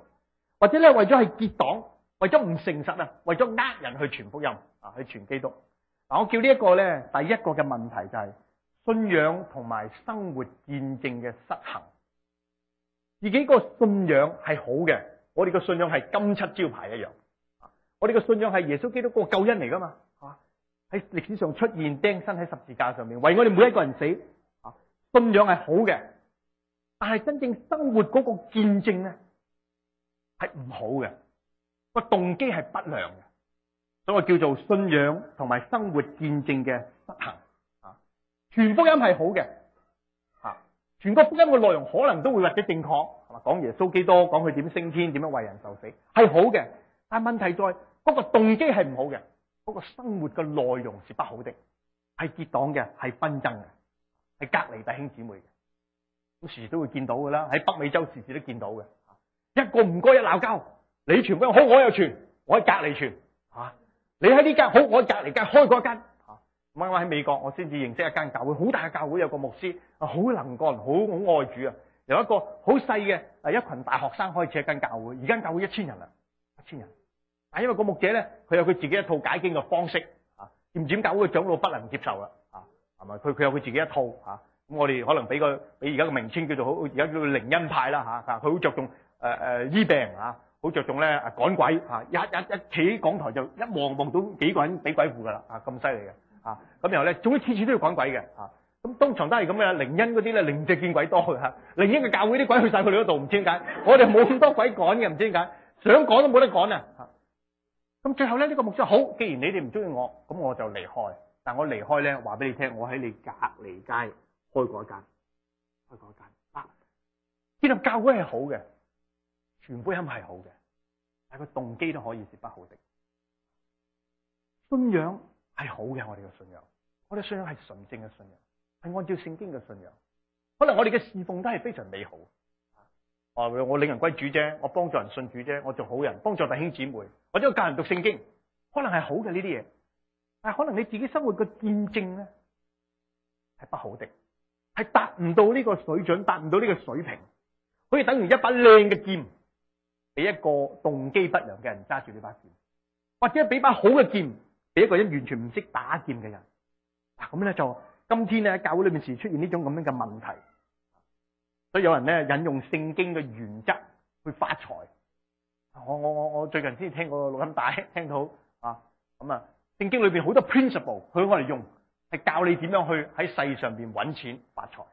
或者咧，為咗係結黨。為咗唔誠實啊，為咗呃人去傳福音啊，去傳基督。嗱，我叫呢一個咧，第一個嘅問題就係、是、信仰同埋生活見證嘅失衡。自己個信仰係好嘅，我哋個信仰係金漆招牌一樣。我哋個信仰係耶穌基督個救恩嚟噶嘛，係喺歷史上出現釘身喺十字架上面，為我哋每一個人死。啊，信仰係好嘅，但係真正生活嗰個見證咧係唔好嘅。個動機係不良嘅，所以叫做信仰同埋生活見證嘅失衡。啊，全福音係好嘅，吓，全個福音嘅內容可能都會或者正確，係嘛？講耶穌基督，講佢點升天，點樣為人受死，係好嘅。但問題在嗰個動機係唔好嘅，嗰個生活嘅內容是不好的，係結黨嘅，係紛爭嘅，係隔離弟兄姊妹嘅。咁時時都會見到噶啦，喺北美洲時時都見到嘅，一個唔該一鬧交。你傳，我開，我有傳，我喺隔籬傳，吓、啊、你喺呢間好，我喺隔籬間開過一間，吓，啱啱喺美國，我先至認識一間教會，好大嘅教會，有個牧師啊，好能幹，好好愛主啊。由一個好細嘅，係一群大學生開始一間教會，而家教會一千人啦，一千人。但、啊、因為個牧者咧，佢有佢自己一套解經嘅方式，啊，漸漸教會長老不能接受啦，啊，係咪？佢佢有佢自己一套，吓、啊、咁我哋可能俾佢，俾而家個名稱叫做好，而家叫做靈恩派啦，吓，佢好着重誒誒、呃呃呃、醫病啊。好着重咧，趕鬼嚇，一、啊、一、一企喺講台就一望望到幾個人俾鬼附噶啦，啊咁犀利嘅嚇，咁、啊、然後咧，總之次次都要趕鬼嘅嚇，咁當場都係咁嘅啦，靈恩嗰啲咧，寧靜見鬼多嘅嚇，靈恩嘅教會啲鬼去晒佢哋嗰度，唔知點解， 我哋冇咁多鬼趕嘅，唔知點解，想趕都冇得趕啊嚇，咁、啊、最後咧呢、這個牧師好，既然你哋唔中意我，咁我就離開，但我離開咧話俾你聽，我喺你隔離街開過一間，開過一間啊，呢個教會係好嘅。傳福音係好嘅，但係個動機都可以是不好的。信仰係好嘅，我哋嘅信仰，我哋信仰係純正嘅信仰，係按照聖經嘅信仰。可能我哋嘅侍奉都係非常美好。我我領人歸主啫，我幫助人信主啫，我做好人，幫助弟兄姊妹，或者教人讀聖經，可能係好嘅呢啲嘢。但係可能你自己生活嘅見證咧，係不好的，係達唔到呢個水準，達唔到呢個水平，好似等於一把靚嘅劍。俾一個動機不良嘅人揸住呢把劍，或者俾把好嘅劍俾一個人完全唔識打劍嘅人，嗱，咁咧就，今天咧教會裏面時出現呢種咁樣嘅問題，所以有人咧引用聖經嘅原則去發財。我我我我最近先聽過錄音帶，聽到啊咁啊，聖經裏邊好多 principle 佢我嚟用，係教你點樣去喺世上邊揾錢發財。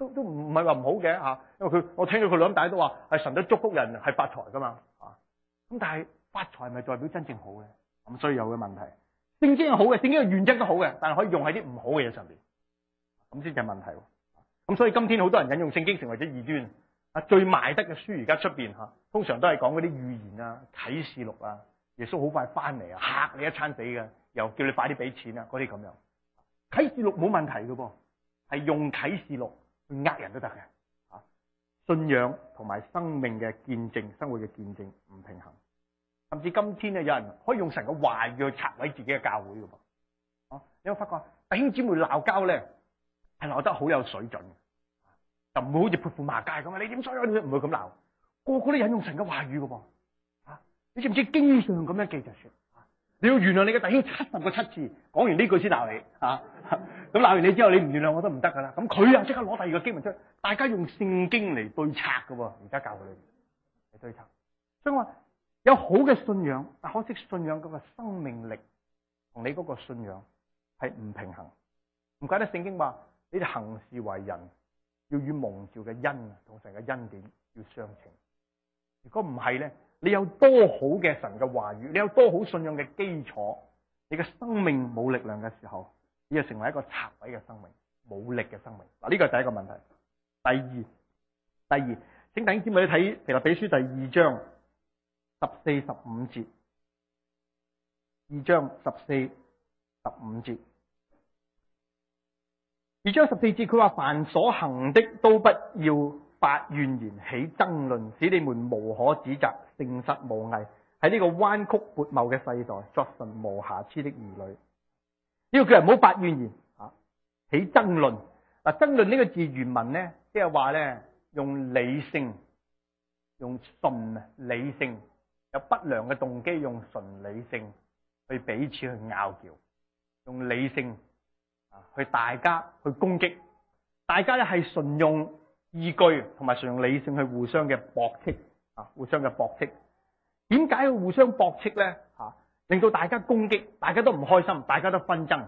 都都唔唔係話唔好嘅吓，因為佢我聽到佢兩大都話係神都祝福人係發財噶嘛啊，咁但係發財咪代表真正好嘅，咁所以有嘅問題聖經係好嘅，聖經嘅原則都好嘅，但係可以用喺啲唔好嘅嘢上邊，咁先至係問題。咁所以今天好多人引用聖經成為咗異端。啊，最賣得嘅書而家出邊吓，通常都係講嗰啲預言啊、啟示錄啊，耶穌好快翻嚟啊，吓你一餐死嘅，又叫你快啲俾錢啊，嗰啲咁樣。啟示錄冇問題嘅噃，係用啟示錄。呃人都得嘅，啊，信仰同埋生命嘅見證，生活嘅見證唔平衡，甚至今天啊，有人可以用神嘅話語去拆毀自己嘅教會㗎噃，啊，你有，有發覺弟兄姊妹鬧交咧，係鬧得好有水準嘅，就唔會好似潑婦罵街咁啊！你點解你都唔會咁鬧，個個都引用神嘅話語㗎噃，啊，你知唔知經常咁樣記就算。你要原諒你嘅弟兄七十個七次，講完呢句先鬧你啊。咁鬧完你之後，你唔原諒我都唔得噶啦。咁佢又即刻攞第二個經文出，大家用聖經嚟對策噶。而家教佢哋對策，所以我話有好嘅信仰，但可惜信仰嗰個生命力同你嗰個信仰係唔平衡。唔怪得聖經話，你哋行事為人要與蒙召嘅恩同成嘅恩典要相稱。如果唔係咧，你有多好嘅神嘅話語，你有多好信仰嘅基礎，你嘅生命冇力量嘅時候，你就成為一個拆毀嘅生命、冇力嘅生命。嗱，呢個就係第一個問題。第二，第二，請弟兄姊妹睇腓立比書第二章十四十五節，二章十四十五節，二章十四節佢話：凡所行的都不要發怨言、起爭論，使你們無可指責。誠實無偽，喺呢個彎曲悖謬嘅世代，作成無瑕疵的兒女。呢、這個叫人唔好發怨言啊，起爭論。嗱，爭論呢個字原文咧，即係話咧，用理性，用純理性有不良嘅動機，用純理性去彼此去拗撬，用理性啊，去大家去攻擊，大家咧係純用依據同埋純用理性去互相嘅駁斥。互相嘅駁斥，點解要互相駁斥咧？吓，令到大家攻擊，大家都唔開心，大家都紛爭。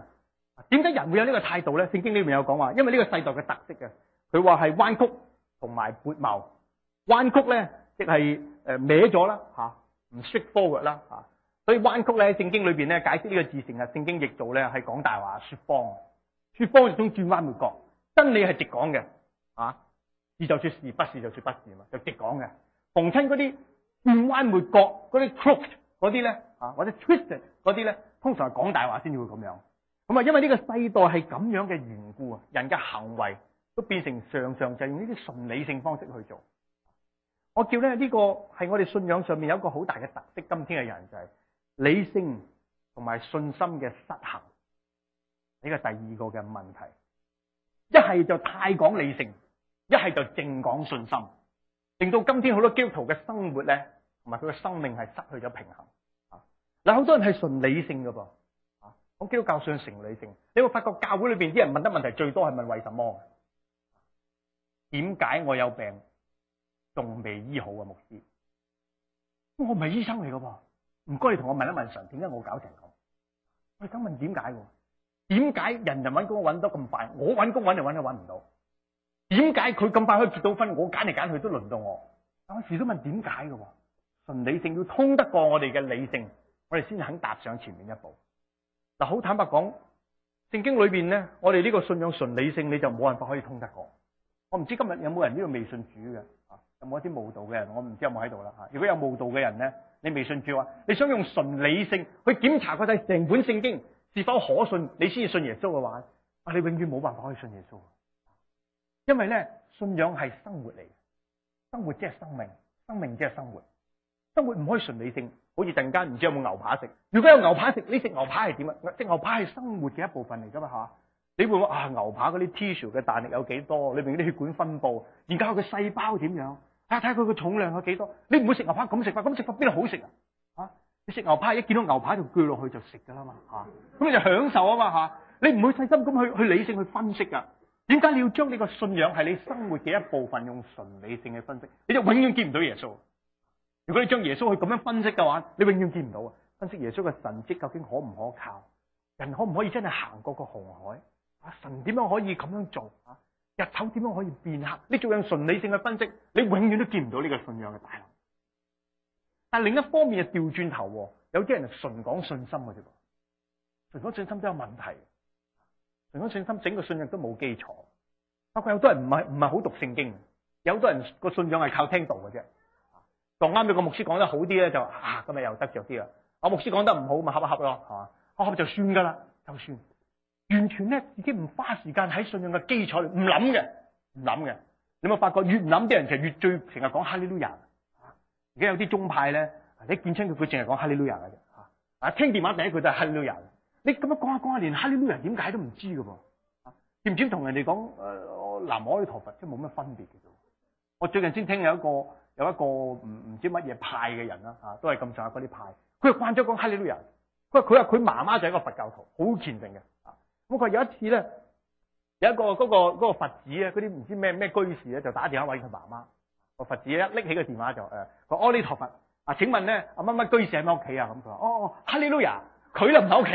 點解人會有個態呢個態度咧？聖經裏面有講話，因為呢個世代嘅特色嘅，佢話係彎曲同埋悖謬。彎曲咧，即係誒歪咗啦，吓唔 straight forward 啦，吓。所以彎曲咧，聖經裏邊咧解釋呢個字，成日聖經譯做咧係講大話說謊，說謊就中轉彎抹角，真理係直講嘅，啊，是就說是不是就說不是嘛，就直講嘅。逢親嗰啲轉彎抹角、嗰啲 crooked 嗰啲咧，啊或者 twisted 嗰啲咧，通常係講大話先至會咁樣。咁啊，因為呢個世代係咁樣嘅緣故啊，人嘅行為都變成常常就係用呢啲純理性方式去做。我叫咧呢個係我哋信仰上面有一個好大嘅特色。今天嘅人就係理性同埋信心嘅失衡，呢個第二個嘅問題。一係就太講理性，一係就淨講信心。令到今天好多基督徒嘅生活咧，同埋佢嘅生命係失去咗平衡啊！嗱，好多人係純理性噶噃，我基督教想成理性，你會發覺教會裏邊啲人問得問題最多係問為什麼？點解我有病仲未醫好嘅牧師，我唔係醫生嚟噶噃，唔該你同我問一問神，點解我搞成咁？我哋想問點解？點解人人揾工揾得咁快，我揾工揾嚟揾都揾唔到？點解佢咁快可以結到婚？我揀嚟揀去都輪唔到我，但我始終都問點解嘅？純理性要通得過我哋嘅理性，我哋先肯踏上前面一步。嗱，好坦白講，聖經裏邊咧，我哋呢個信仰純理性你就冇辦法可以通得過。我唔知今日有冇人呢個未信主嘅啊？有冇一啲慕道嘅人？我唔知有冇喺度啦吓。如果有慕道嘅人咧，你未信主話，你想用純理性去檢查佢啲成本聖經是否可信，你先至信耶穌嘅話，你永遠冇辦法可以信耶穌。因為咧，信仰係生活嚟嘅。生活即係生命，生命即係生活，生活唔可以純理性，好似突然間唔知有冇牛扒食。如果有牛扒食，你食牛扒係點啊？食牛扒係生活嘅一部分嚟噶嘛，吓、啊？你會話啊牛扒嗰啲 tissue 嘅彈力有幾多？裏邊啲血管分佈，而家佢嘅細胞點樣？睇下睇下，佢嘅重量有幾多？你唔會食牛扒咁食法，咁食法邊度好食啊？啊！你食牛扒一見到牛扒就鋸落去就食噶啦嘛，吓、啊？咁你就享受啊嘛，吓？你唔會細心咁去去理性去分析噶。啊點解你要將你個信仰係你生活嘅一部分，用純理性嘅分析？你就永遠見唔到耶穌。如果你將耶穌去咁樣分析嘅話，你永遠見唔到啊！分析耶穌嘅神跡究竟可唔可靠？人可唔可以真係行過個紅海？神點樣可以咁樣做？日頭點樣可以變黑？你做緊純理性嘅分析，你永遠都見唔到呢個信仰嘅大能。但另一方面，就調轉頭，有啲人純講信心嘅啫，純講信心都有問題。平安信心整個信任都冇基礎。不過有多人唔係唔係好讀聖經，有好多人個信仰係靠聽道嘅啫，當啱咗個牧師講得好啲咧就啊，今日又得著啲啦。我、啊、牧師講得唔好咪合一合咯，係、啊、嘛？合合就算㗎啦，就算，就算，啊就算。完全咧自己唔花時間喺信仰嘅基礎唔諗嘅，唔諗嘅。你有冇發覺越諗啲人其實越最成日講哈利路亞？而、啊、家有啲宗派咧，你見親佢佢淨係講哈利路亞㗎啫，啊，啊聽電話第一句就係哈利路亞。啊你咁樣講下講下，連哈利路亞點解都唔知噶噃，點唔點同人哋講誒南無阿彌陀佛即係冇乜分別嘅啫。我最近先聽有一個有一個唔唔知乜嘢派嘅人啦，嚇都係咁上下嗰啲派，佢又慣咗講哈利路亞。佢佢話佢媽媽就係一個佛教徒，好虔誠嘅。咁佢有一次咧，有一個嗰個,個佛寺啊，嗰啲唔知咩咩居士咧，就打電話揾佢媽媽。個佛寺一拎起個電話就誒，個阿彌陀佛啊！請問咧，阿乜乜居士喺喺屋企啊？咁佢話：哦哦，哈利路亞。佢又唔喺屋企，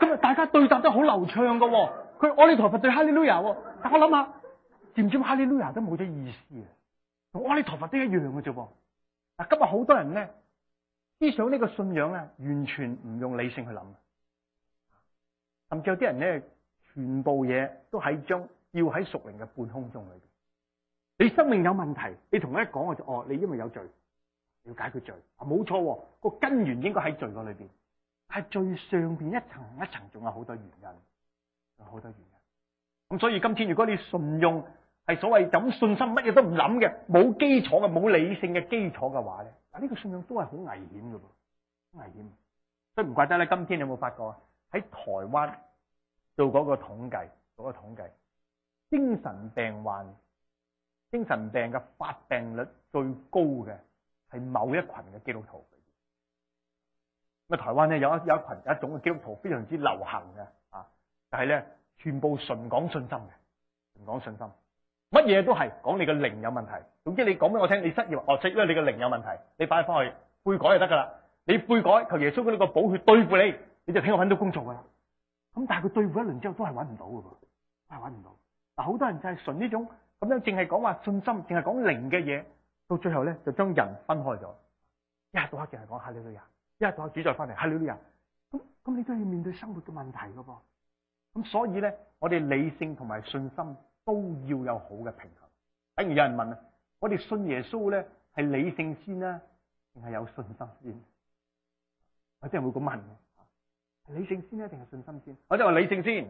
咁啊，大家對答得好流暢噶、哦。佢阿彌陀佛對哈利路亞但我諗下，點知呢哈利路亞都冇咗意思啊？阿彌陀佛都一樣嘅啫噃。今日好多人咧，思想呢個信仰咧，完全唔用理性去諗，甚至有啲人咧，全部嘢都喺將要喺熟靈嘅半空中裏邊。你生命有問題，你同佢一講，我就哦，你因為有罪，你要解決罪，啊冇錯、哦，個根源應該喺罪嗰裏邊。係最上面一層一層，仲有好多原因，有好多原因。咁所以今天如果你信用係所謂有咁信心，乜嘢都唔諗嘅，冇基礎嘅，冇理性嘅基礎嘅話咧，嗱呢個信用都係好危險嘅噃，好危險。所以唔怪得啦，今天有冇發覺喺台灣做嗰個統計，嗰個統計精神病患、精神病嘅發病率最高嘅係某一群嘅基督徒。喺台灣咧有一有一群有一種基督徒非常之流行嘅，啊，但係咧全部純講信心嘅，純講信心，乜嘢都係講你個靈有問題。總之你講俾我聽，你失業哦，即係因為你個靈有問題，你快翻去背改就得噶啦。你背改求耶穌嗰啲個寶血對付你，你就聽我搵到工作噶啦。咁但係佢對付一輪之後都係搵唔到㗎噃，都係搵唔到。嗱，好多人就係純呢種咁樣，淨係講話信心，淨係講靈嘅嘢，到最後咧就將人分開咗，一日到黑淨係講吓呢類人。一再主宰翻嚟，係呢啲人咁咁，你都要面對生活嘅問題噶噃。咁所以咧，我哋理性同埋信心都要有好嘅平衡。反而有人問啊，我哋信耶穌咧，係理性先啊，定係有信心先？我真係會咁問，理性先咧、啊，定係信心先？我哋話理性先，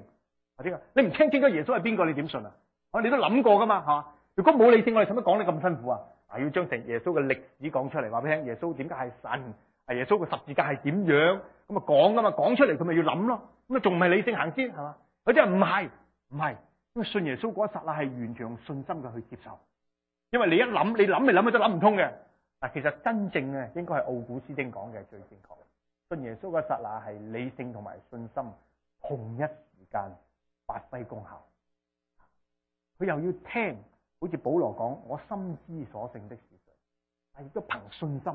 或者你唔聽清，清楚耶穌係邊個，你點信啊？我、啊、哋都諗過噶嘛，吓、啊。如果冇理性，我哋使乜講得咁辛苦啊？啊要將成耶穌嘅歷史講出嚟，話俾你聽耶穌點解係神。係耶穌嘅十字架係點樣咁啊講噶嘛，講出嚟，佢咪要諗咯，咁啊仲唔係理性行先係嘛？佢就唔係，唔係，因信耶穌嗰一剎那係完全用信心嘅去接受，因為你一諗你諗嚟諗去都諗唔通嘅。嗱，其實真正嘅應該係奧古斯丁講嘅最正確，信耶穌嘅剎那係理性同埋信心同一時間發揮功效。佢又要聽，好似保羅講，我心之所性的是誰，但係亦都憑信心，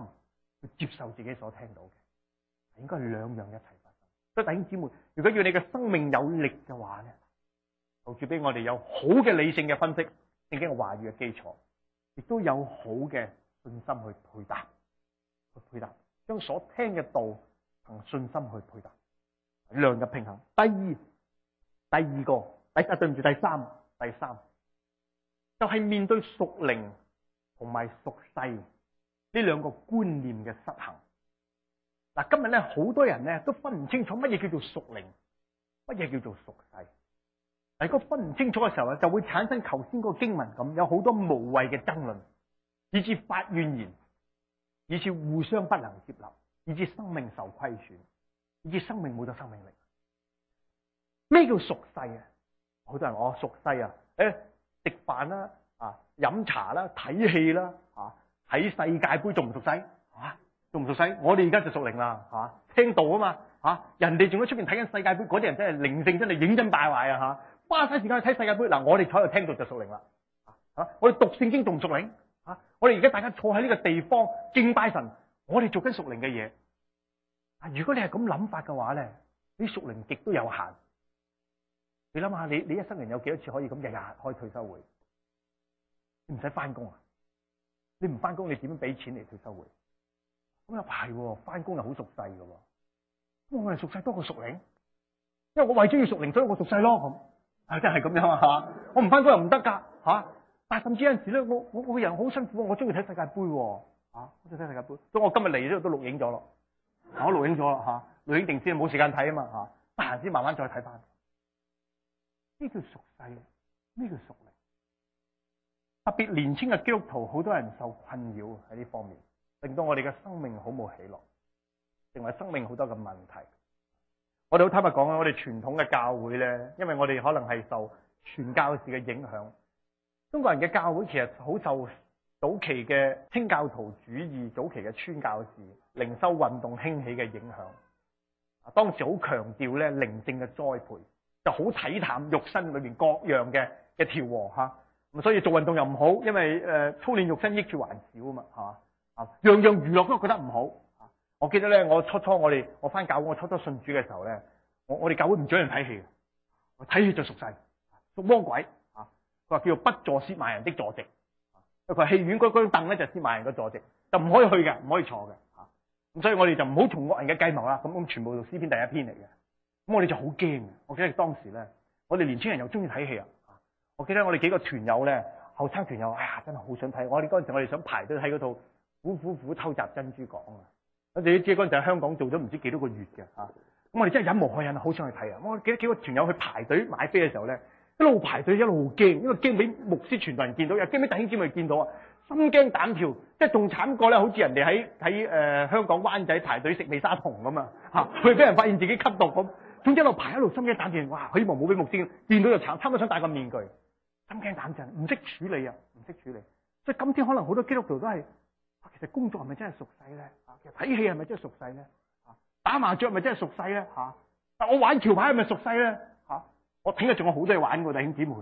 去接受自己所聽到嘅，應該係兩樣一齊發生。所以弟兄姊妹，如果要你嘅生命有力嘅話咧，求主俾我哋有好嘅理性嘅分析，正經話語嘅基礎，亦都有好嘅信心去配搭去配搭，將所聽嘅道同信心去配搭量嘅平衡。第二、第二個，誒、啊、對唔住，第三、第三，就係、是、面對屬靈同埋屬世。呢兩個觀念嘅失衡，嗱今日咧好多人咧都分唔清楚乜嘢叫做屬靈，乜嘢叫做屬世。喺個分唔清楚嘅時候啊，就會產生頭先嗰個經文咁，有好多無謂嘅爭論，以致發怨言，以致互相不能接納，以致生命受虧損，以致生命冇咗生命力。咩叫屬世啊？好多人話哦，屬世啊，誒，食飯啦、啊，啊，飲茶啦、啊，睇戲啦，啊。睇世界盃仲唔熟悉？啊，仲唔熟悉？我哋而家就屬靈啦，啊，聽道啊嘛，啊，人哋仲喺出邊睇緊世界盃，嗰啲人真係靈性真係影真大壞啊！吓、啊，花晒時間去睇世界盃，嗱、啊，我哋坐喺度聽道就屬靈啦，啊，我哋讀聖經就屬靈，啊，我哋而家大家坐喺呢個地方敬拜神，我哋做緊屬靈嘅嘢。啊，如果你係咁諗法嘅話咧，你屬靈極都有限。你諗下，你你一生人有幾多次可以咁日日開退休會？你唔使翻工啊？你唔翻工，你點樣俾錢嚟做收回？咁又係，翻工又好熟世噶。咁我係熟世多過熟齡，因為我為咗要熟齡，所以我熟世咯咁。啊，真係咁樣啊？吓，我唔翻工又唔得噶吓。但係甚至有陣時咧，我我個人好辛苦，我中意睇世界杯，啊，我中意睇世界杯，所以我今日嚟咗都錄影咗咯，我都錄影咗啦吓，錄影定先冇時間睇啊嘛吓，得閒先慢慢再睇翻。呢叫熟世？咩叫熟悉？特別年輕嘅基督徒，好多人受困擾喺呢方面，令到我哋嘅生命好冇喜樂，成為生命好多嘅問題。我哋好坦白講啦，我哋傳統嘅教會咧，因為我哋可能係受傳教士嘅影響，中國人嘅教會其實好受早期嘅清教徒主義、早期嘅村教士、靈修運動興起嘅影響。啊，當時好強調咧靈性嘅栽培，就好體淡肉身裏面各樣嘅嘅調和嚇。咁所以做運動又唔好，因為誒操練肉身益處還少啊嘛，係嘛啊樣樣娛樂都覺得唔好。我記得咧，我初初我哋我返教會我初初信主嘅時候咧，我我哋教會唔准人睇戲，睇戲就屬世，屬魔鬼啊。佢話叫做不坐褻慢人的坐席，佢話戲院嗰嗰張凳咧就褻慢人嘅坐席，就唔可以去嘅，唔可以坐嘅。咁所以我哋就唔好從惡人嘅計謀啦。咁咁全部讀詩篇第一篇嚟嘅。咁我哋就好驚，我記得當時咧，我哋年青人又中意睇戲啊。我記得我哋幾個團友咧，後生團友，哎呀，真係好想睇！我哋嗰陣時，我哋想排隊睇嗰套《虎虎虎偷襲珍珠港，那個港》啊！我哋都知嗰陣時香港做咗唔知幾多個月嘅嚇，咁我哋真係忍無可忍，好想去睇啊！我記得幾個團友去排隊買飛嘅時候咧，一路排隊一路驚，因為驚俾牧師傳道人見到，又驚俾弟兄姊妹見到啊！心驚膽跳，即係仲慘過咧，好似人哋喺喺誒香港灣仔排隊食美沙酮咁啊嚇，佢俾人發現自己吸毒咁，總之一路排一路心驚膽跳，哇！佢以望冇俾牧師見，見到就慘，差唔多想戴個面具。心驚膽震，唔識處理啊，唔識處理。即係今天可能好多基督徒都係、啊，其實工作係咪真係熟細咧、啊？其實睇戲係咪真係熟細咧、啊？打麻雀係咪真係熟細咧？吓、啊啊，我玩橋牌係咪熟細咧？吓，我聽日仲有好多嘢玩噶，弟兄姊妹。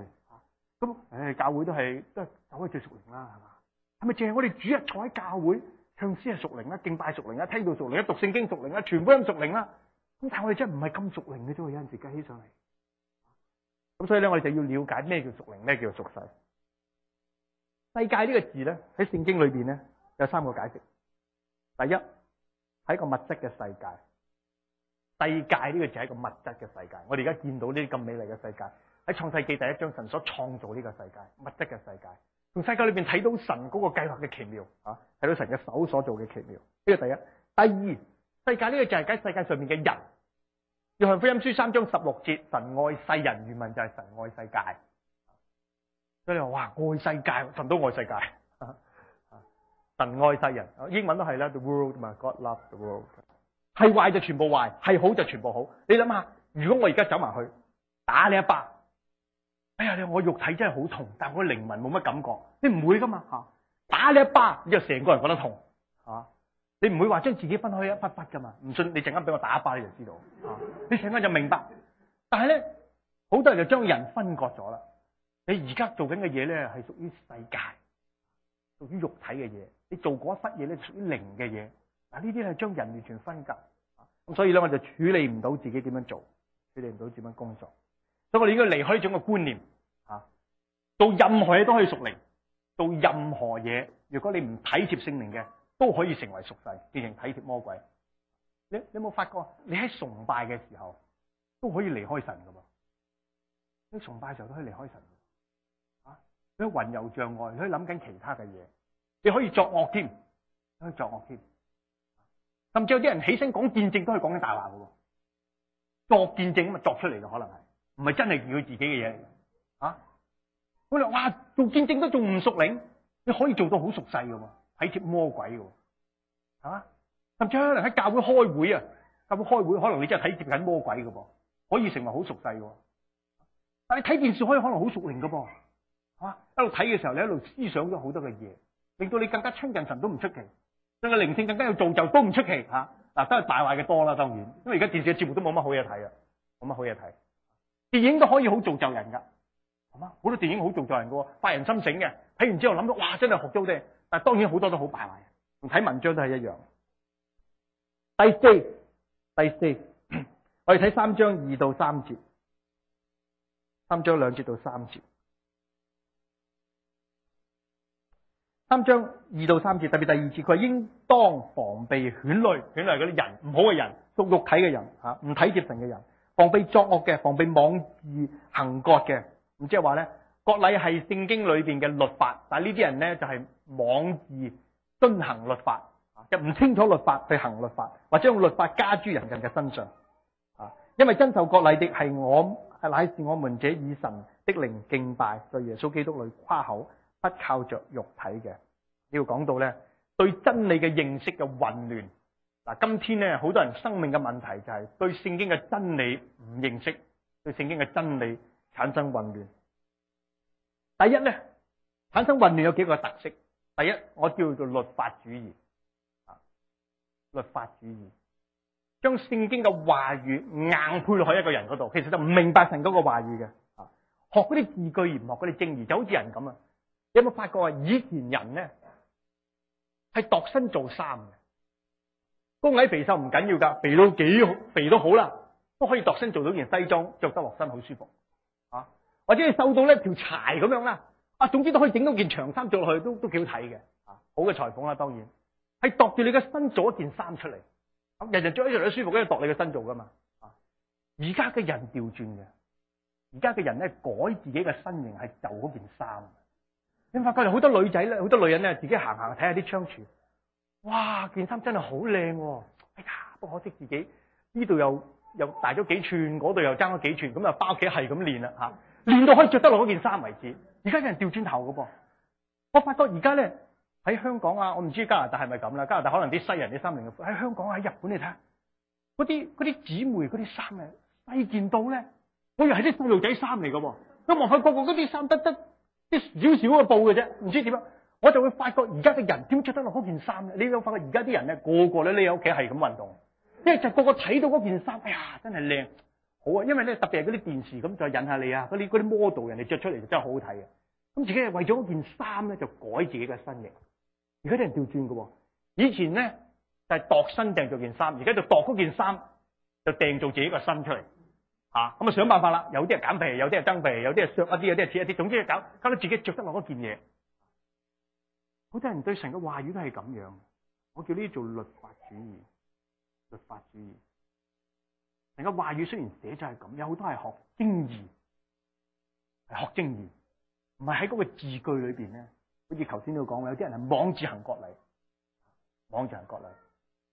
咁、啊，唉、哎，教會都係都係走去最熟靈啦，係嘛？係咪淨係我哋主日坐喺教會唱詩係熟靈啦，敬拜熟靈啦，聽到熟靈啦，讀聖經熟靈啦，全部都熟靈啦。咁但係我哋真係唔係咁熟靈嘅啫，有陣時計起上嚟。咁所以咧，我哋就要了解咩叫屬靈，咩叫做屬世。世界呢個字咧，喺聖經裏邊咧有三個解釋。第一，係一個物質嘅世界。世界呢個就係一個物質嘅世界。我哋而家見到呢啲咁美麗嘅世界，喺創世紀第一章，神所創造呢個世界，物質嘅世界。從世界裏邊睇到神嗰個計劃嘅奇妙啊，睇到神嘅手所做嘅奇妙，呢個第一。第二，世界呢個就係喺世界上面嘅人。要約翰福音書三章十六節，神愛世人，原文就係神愛世界，所以你話哇，愛世界，神都愛世界哈哈，神愛世人，英文都係啦，the world my God loves the world，係壞就全部壞，係好就全部好，你諗下，如果我而家走埋去打你一巴，哎呀，你話我肉體真係好痛，但係我靈魂冇乜感覺，你唔會噶嘛，吓，打你一巴，哎你你你一巴，你就成個人覺得痛，吓、啊。你唔會話將自己分開一忽忽噶嘛？唔信你陣間俾我打一巴，你就知道，你陣間就明白。但係咧，好多人就將人分割咗啦。你而家做緊嘅嘢咧，係屬於世界，屬於肉體嘅嘢。你做嗰一忽嘢咧，屬於靈嘅嘢。嗱，呢啲係將人完全分割。咁所以咧，我就處理唔到自己點樣做，處理唔到點樣工作。所以我哋應該離開呢種嘅觀念，做任何嘢都可以屬靈，到任何嘢，如果你唔體貼聖靈嘅。都可以成為屬世，變成體貼魔鬼。你你有冇發覺？你喺崇拜嘅時，時候都可以離開神噶喎，你崇拜嘅時候都可以離開神啊！你魂遊象外，你可以諗緊其他嘅嘢，你可以作惡添，你可以作惡添。甚至有啲人起身講見證，都可以講緊大話噶喎，作見證咁啊作出嚟咯，可能係唔係真係要自己嘅嘢啊？我話哇，做見證都仲唔屬靈，你可以做到好屬世噶喎。睇接魔鬼嘅，係、啊、嘛？甚至可能喺教會開會啊，教會開會，可能你真係睇接緊魔鬼嘅噃，可以成為好熟世嘅。但係你睇電視可以可能好屬靈嘅噃，係、啊、嘛？一路睇嘅時候，你一路思想咗好多嘅嘢，令到你更加親近神都唔出奇，令個靈性更加要造就都唔出奇吓。嗱、啊，都係大壞嘅多啦，當然，因為而家電視嘅節目都冇乜好嘢睇啊，冇乜好嘢睇。電影都可以好造就人噶，係、啊、嘛？好多電影好造就人嘅、啊啊，發人心醒嘅。睇完之後諗到，哇，真係學到啲。但係當然好多都好敗壞嘅，同睇文章都係一樣。第四、第四，我哋睇三章二到三節，三章兩節到三節，三章二到三節，特別第二節佢係應當防備犬類，犬類嗰啲人唔好嘅人，人屬肉體嘅人嚇，唔、啊、體貼成嘅人，防備作惡嘅，防備妄自行割嘅，咁即係話咧。國禮係聖經裏邊嘅律法，但係呢啲人呢，就係妄意遵行律法，就唔清楚律法去行律法，或者用律法加諸人人嘅身上。啊，因為真受國禮的係我，是乃是我們者以神的靈敬拜，對耶穌基督裏誇口，不靠着肉體嘅。要講到呢，對真理嘅認識嘅混亂。嗱，今天呢，好多人生命嘅問題就係對聖經嘅真理唔認識，對聖經嘅真理產生混亂。第一咧，產生混亂有幾個特色。第一，我叫做律法主義。啊，律法主義將聖經嘅話語硬配落去一個人嗰度，其實就唔明白成個話語嘅。啊，學嗰啲字句而唔學嗰啲正義，就好似人咁啊。你有冇發覺啊？以前人咧係度身做衫嘅，高矮肥瘦唔緊要㗎，肥到幾好，肥到好啦，都可以度身做到件西裝，着得落身好舒服。或者你瘦到咧條柴咁樣啦，啊，總之都可以整到件長衫著落去，都都幾好睇嘅，啊，好嘅裁縫啦，當然係度住你嘅身做一件衫出嚟，人人著起上嚟都舒服，因為度你嘅身做噶嘛。啊，而家嘅人調轉嘅，而家嘅人咧改自己嘅身形係就嗰件衫，你發唔發覺？好多女仔咧，好多女人咧，自己行行睇下啲窗柱，哇，件衫真係好靚喎，哎呀，不可惜自己呢度又又大咗幾寸，嗰度又爭咗幾寸，咁又包屋企係咁練啦嚇。啊啊啊啊啊練到可以着得落嗰件衫為止，而家有人掉轉頭噶噃。我發覺而家咧喺香港啊，我唔知加拿大係咪咁啦？加拿大可能啲西人啲衫型嘅，喺香港啊，喺日本你睇下，嗰啲啲姊妹嗰啲衫嘅低賤到咧，我以為係啲細路仔衫嚟噶。咁望下個個嗰啲衫得得啲少少嘅布嘅啫，唔知點樣？我就會發覺而家嘅人點着得落嗰件衫？你有冇發覺而家啲人咧個個咧匿喺屋企係咁運動，因為就個個睇到嗰件衫，哎呀，真係靚！好啊，因為咧，特別係嗰啲電視咁就引下你啊，嗰啲啲 model 人哋着出嚟就真係好好睇嘅。咁自己係為咗件衫咧就改自己嘅身形。而家啲人調轉嘅，以前咧就係、是、度身訂做件衫，而家就度嗰件衫就訂做自己個身出嚟。吓、啊，咁啊想辦法啦，有啲人減肥，有啲人增肥，有啲人削一啲，有啲人切一啲，總之搞搞到自己着得落嗰件嘢。好多人對神嘅話語都係咁樣，我叫呢啲做律法主義，律法主義。人家話語雖然寫就係咁，有好多係學精義，係學精義，唔係喺嗰個字句裏邊咧。好似頭先都講啦，有啲人係妄自行國禮，妄自行國禮。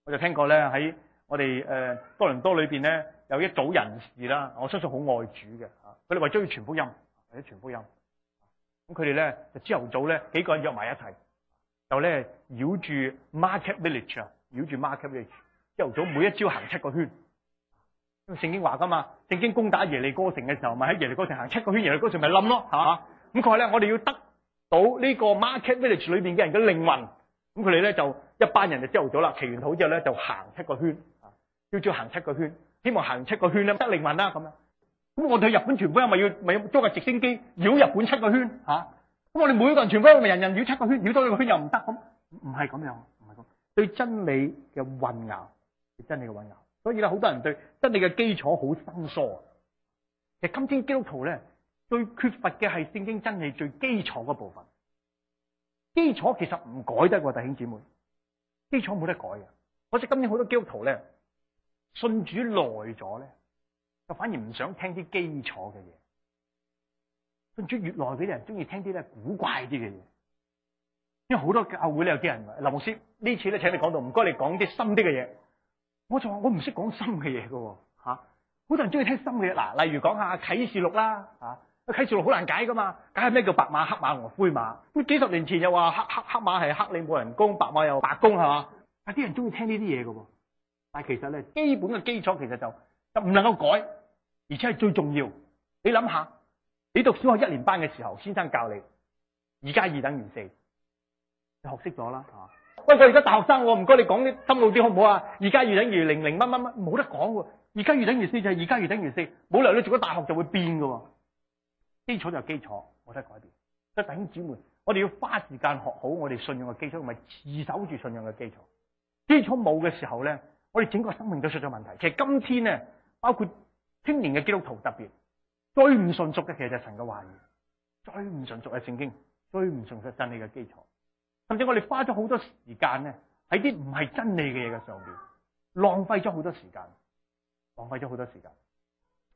我就聽過咧，喺我哋誒多倫多裏邊咧有一組人士啦，我相信好愛主嘅，吓、佢哋為咗要傳福音或者傳福音，咁佢哋咧就朝頭早咧幾個人約埋一齊，就咧繞住 Market Village 啊，繞住 Market Village 朝頭早每一朝行七個圈。聖經話㗎嘛？聖經攻打耶利哥城嘅時候，咪喺耶利哥城行七個圈，耶利哥城咪冧咯，係嘛？咁佢話咧，我哋要得到呢個 market village 裏面嘅人嘅靈魂，咁佢哋咧就一班人就朝早啦，祈完禱之後咧就行七個圈，朝朝行七個圈，希望行七個圈咧得靈魂啦咁樣。咁我哋去日本傳福音，咪要咪要租架直升機繞日本七個圈，嚇、啊？咁我哋每個人傳福音，咪人人繞七個圈，繞多一個圈又唔得咁？唔係咁樣，唔係咁。對真理嘅混淆，係、真理嘅混淆。所以咧，好多人對真理嘅基礎好生疏。其實今天基督徒咧最缺乏嘅係聖經真理最基礎嘅部分。基礎其實唔改得嘅，弟兄姊妹，基礎冇得改嘅。可惜今天好多基督徒咧信主耐咗咧，就反而唔想聽啲基礎嘅嘢。信主越耐，啲人中意聽啲咧古怪啲嘅嘢。因為好多教會咧有啲人話，林牧師呢次咧請你講道，唔該你講啲深啲嘅嘢。我就話我唔識講深嘅嘢嘅吓，好多人中意聽深嘅嘢。嗱，例如講下啟示錄啦吓，啟示錄好難解噶嘛解係咩叫白馬、黑馬同灰馬？咁幾十年前又話黑黑黑馬係黑你冇人工，白馬又白工係嘛？啊，啲人中意聽呢啲嘢嘅，但係其實咧基本嘅基礎其實就就唔能夠改，而且係最重要。你諗下，你讀小學一年班嘅時候，先生教你二加二等於四，就學識咗啦係嘛？喂，我而家大學生，我唔該你講啲深奧啲好唔好啊？而家越等越零零乜乜乜，冇得講噶。而家越等越四,四，就係，而家越等越四，冇理由你做咗大學就會變噶。基礎就係基礎，冇得改變。所以弟兄姊妹，我哋要花時間學好我哋信仰嘅基礎，同埋持守住信仰嘅基礎。基礎冇嘅時候咧，我哋整個生命都出咗問題。其實今天咧，包括青年嘅基督徒特別最唔純熟嘅，其實係神嘅話語，最唔純熟嘅聖經，最唔純熟真理嘅基礎。甚至我哋花咗好多時間咧，喺啲唔係真理嘅嘢嘅上邊，浪費咗好多時間，浪費咗好多時間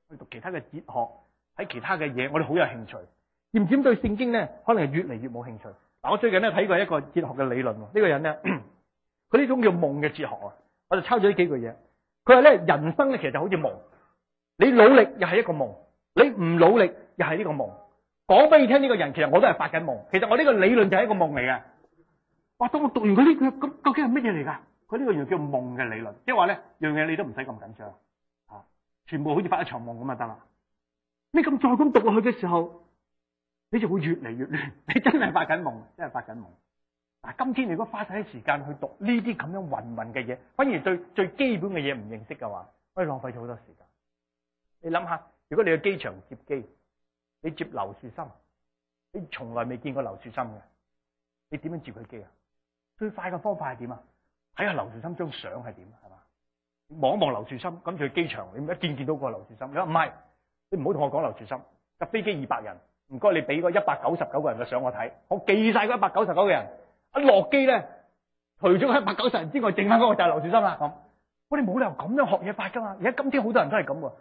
去讀其他嘅哲學，睇其他嘅嘢，我哋好有興趣，漸漸對聖經咧，可能係越嚟越冇興趣。嗱，我最近咧睇過一個哲學嘅理論，呢、呢個人咧，佢呢種叫夢嘅哲學啊，我就抄咗呢幾句嘢。佢話咧，人生咧其實就好似夢，你努力又係一個夢，你唔努力又係呢個夢。講俾你聽，呢個人其實我都係發緊夢，其實我呢個理論就係一個夢嚟嘅。哇！當我讀完嗰啲佢，咁究竟係乜嘢嚟噶？佢呢個樣叫夢嘅理論，即係話咧樣嘢你都唔使咁緊張，啊，全部好似發一場夢咁就得啦！你咁再咁讀落去嘅時候，你就會越嚟越亂，你真係發緊夢，真係發緊夢。嗱，今天如果花晒啲時間去讀呢啲咁樣混混嘅嘢，反而對最基本嘅嘢唔認識嘅話，可以浪費咗好多時間。你諗下，如果你去機場接機，你接劉樹森，你從來未見過劉樹森嘅，你點樣接佢機啊？最快嘅方法係點啊？睇下劉樹森張相係點，係嘛？望一望劉樹森，咁住去機場，你唔一見一見到個劉樹森？你話唔係？你唔好同我講劉樹森。架飛機二百人，唔該你俾嗰一百九十九個人嘅相我睇，我記晒嗰一百九十九個人。一落機咧，除咗一百九十九人之外，剩翻嗰個就係劉樹森啦。我、嗯哎、你冇理由咁樣學嘢法噶嘛？而家今天好多人都係咁。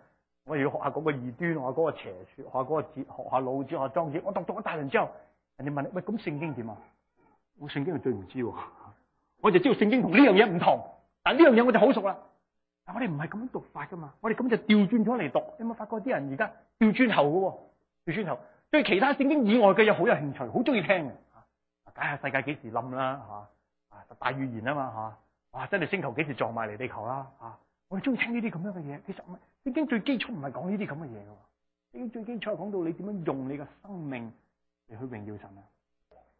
我哋要學下嗰個異端，我下個邪說，學下嗰個哲，學下老子，學莊子。我當讀咗大人之後，人哋問你喂咁聖經點啊？我聖經係最唔知，啊、我就知道聖經同呢樣嘢唔同，但呢樣嘢我就好熟啦。但我哋唔係咁樣讀法噶嘛，我哋咁就調轉咗嚟讀。有冇發覺啲人而家調轉頭噶？調轉頭對其他聖經以外嘅嘢好有興趣，好中意聽。啊，睇下世界幾時冧啦，吓啊大預言啊嘛，吓哇真係星球幾時撞埋嚟地球啦？吓我哋中意聽呢啲咁樣嘅嘢。其實唔係，聖經聖經最基礎唔係講呢啲咁嘅嘢噶，聖經最基礎係講到你點樣用你嘅生命嚟去榮耀神啊。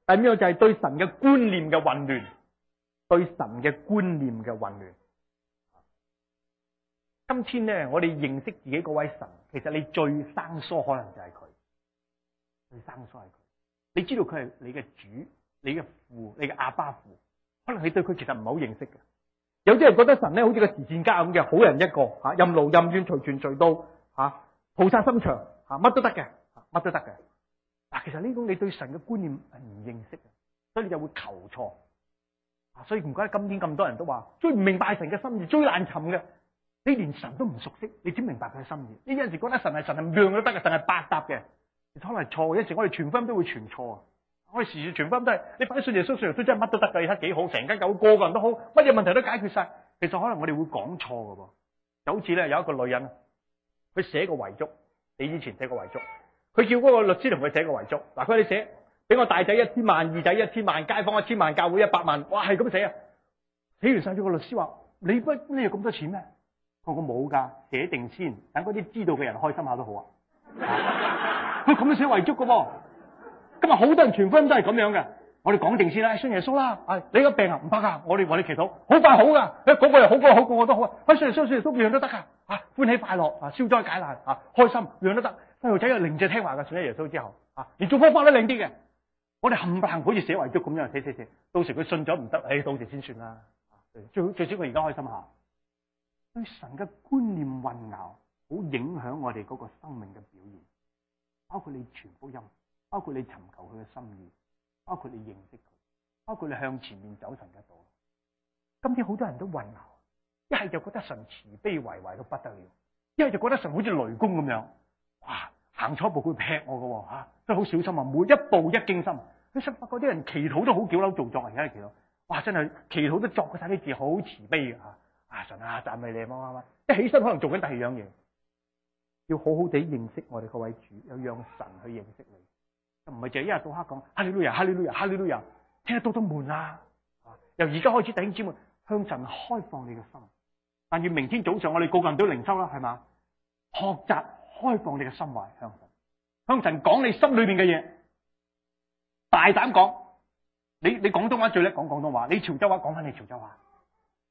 第五個就係對神嘅觀念嘅混亂，對神嘅觀念嘅混亂。今天咧，我哋認識自己嗰位神，其實你最生疏可能就係佢，最生疏係佢。你知道佢係你嘅主，你嘅父，你嘅阿爸父。可能你對佢其實唔係好認識嘅。有啲人覺得神咧，好似個慈善家咁嘅，好人一個，吓任勞任怨，隨傳隨到，吓、啊、菩薩心腸，吓、啊、乜都得嘅，乜都得嘅。其實呢種你對神嘅觀念係唔認識嘅，所以你就會求錯。所以唔怪得今天咁多人都話最唔明白神嘅心意，最難尋嘅。你連神都唔熟悉，你點明白佢嘅心意？你有陣時覺得神係神係樣都得嘅，神係百搭嘅，其實可能係錯。有陣時我哋傳福音都會傳錯，我哋時時傳福音都係你反正信耶穌，信耶穌真係乜都得嘅，而家幾好，成家有個個人都好，乜嘢問題都解決晒。其實可能我哋會講錯嘅噃，就好似咧有一個女人，佢寫個遺囑，你以前寫個遺囑。佢叫嗰個律師同佢寫個遺囑，嗱，佢話你寫俾我大仔一千萬，二仔一千萬，街坊一千萬，教會一百萬，哇，係咁寫啊！寫完晒之後，律師話：你不你有咁多錢咩？佢話冇噶，寫定先，等嗰啲知道嘅人開心下都好啊。佢咁寫遺囑噶，今日好多人傳福音都係咁樣嘅。我哋講定先啦，信耶穌啦。係你個病啊，唔怕啊，我哋為你祈禱，好快好噶。誒、哎，嗰、嗰個又好，嗰個好，個個都好啊。啊，信耶穌，信耶穌，樣都得噶，啊，歡喜快樂啊，消災解難啊，開心，樣都得。細路仔又靈就聽話嘅，信咗耶穌之後啊，連做功課都靈啲嘅。啊、我哋冚唪唥好似寫遺囑咁樣寫寫寫，到時佢信咗唔得，唉、哎，到時先算啦、啊。最好最少佢而家開心下。對神嘅觀念混淆，好影響我哋嗰個生命嘅表現，包括你傳福音，包括你尋求佢嘅心意，包括你認識佢，包括你向前面走神嘅道。今天好多人都混淆，一係就覺得神慈悲為懷到不得了，一係就覺得神好似雷公咁樣，哇！哇哇哇行錯步佢劈我噶吓、啊，所以好小心啊，每一步一驚心。你實發覺啲人祈禱都好屌樓做作，作，啊。而家祈禱，哇真係祈禱都作嘅晒啲字，好慈悲啊吓！阿神啊，讚美你乜乜乜，一起身可能做緊第二樣嘢，要好好地認識我哋嗰位主，有讓神去認識你，唔係淨係一日到黑講哈利路亞，哈利路亞，哈利路亞，聽得多都悶啊！由而家開始，弟兄姊妹向神開放你嘅心，但願明天早上我哋靠近到靈修啦，係嘛？學習。開放你嘅心懷，向神，向神講你心裏面嘅嘢，大膽講。你你廣東話最叻講廣東話，你潮州話講返你潮州話。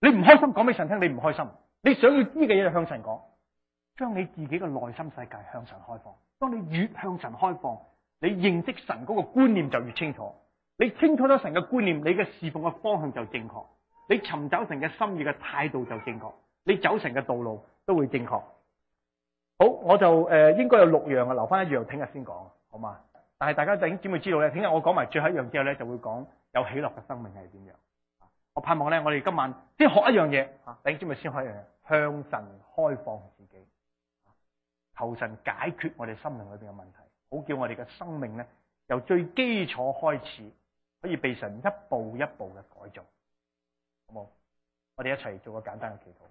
你唔開心，講俾神聽你唔開心。你想要知嘅嘢，向神講，將你自己嘅內心世界向神開放。當你越向神開放，你認識神嗰個觀念就越清楚。你清楚咗神嘅觀念，你嘅侍奉嘅方向就正確，你尋找神嘅心意嘅態度就正確，你走神嘅道路都會正確。好，我就誒、呃、應該有六樣啊，留翻一樣聽日先講，好嘛？但係大家等點會知道咧？聽日我講埋最後一樣之後咧，就會講有喜樂嘅生命係點樣。我盼望咧，我哋今晚先學一樣嘢，等點會先可以向神開放自己，求神解決我哋心靈裏邊嘅問題，好叫我哋嘅生命咧由最基礎開始，可以被神一步一步嘅改造，好冇？我哋一齊做個簡單嘅祈禱。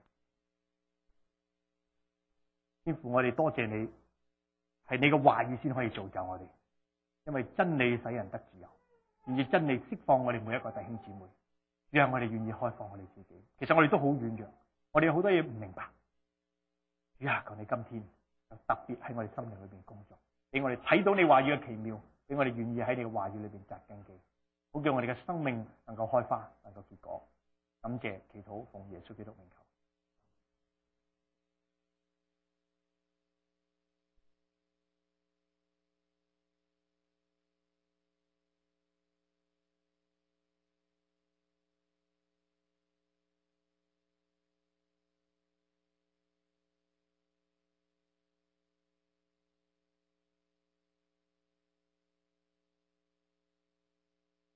天父，先我哋多謝，謝你，係你嘅話語先可以造就我哋，因為真理使人得自由，願意真理釋放我哋每一個弟兄姊妹，讓我哋願意開放我哋自己。其實我哋都好軟弱，我哋有好多嘢唔明白。主啊，求你今天就特別喺我哋心靈裏邊工作，俾我哋睇到你話語嘅奇妙，俾我哋願意喺你嘅話語裏邊扎根基，好叫我哋嘅生命能夠開花，能夠結果。感謝，祈禱，奉耶穌基督名求。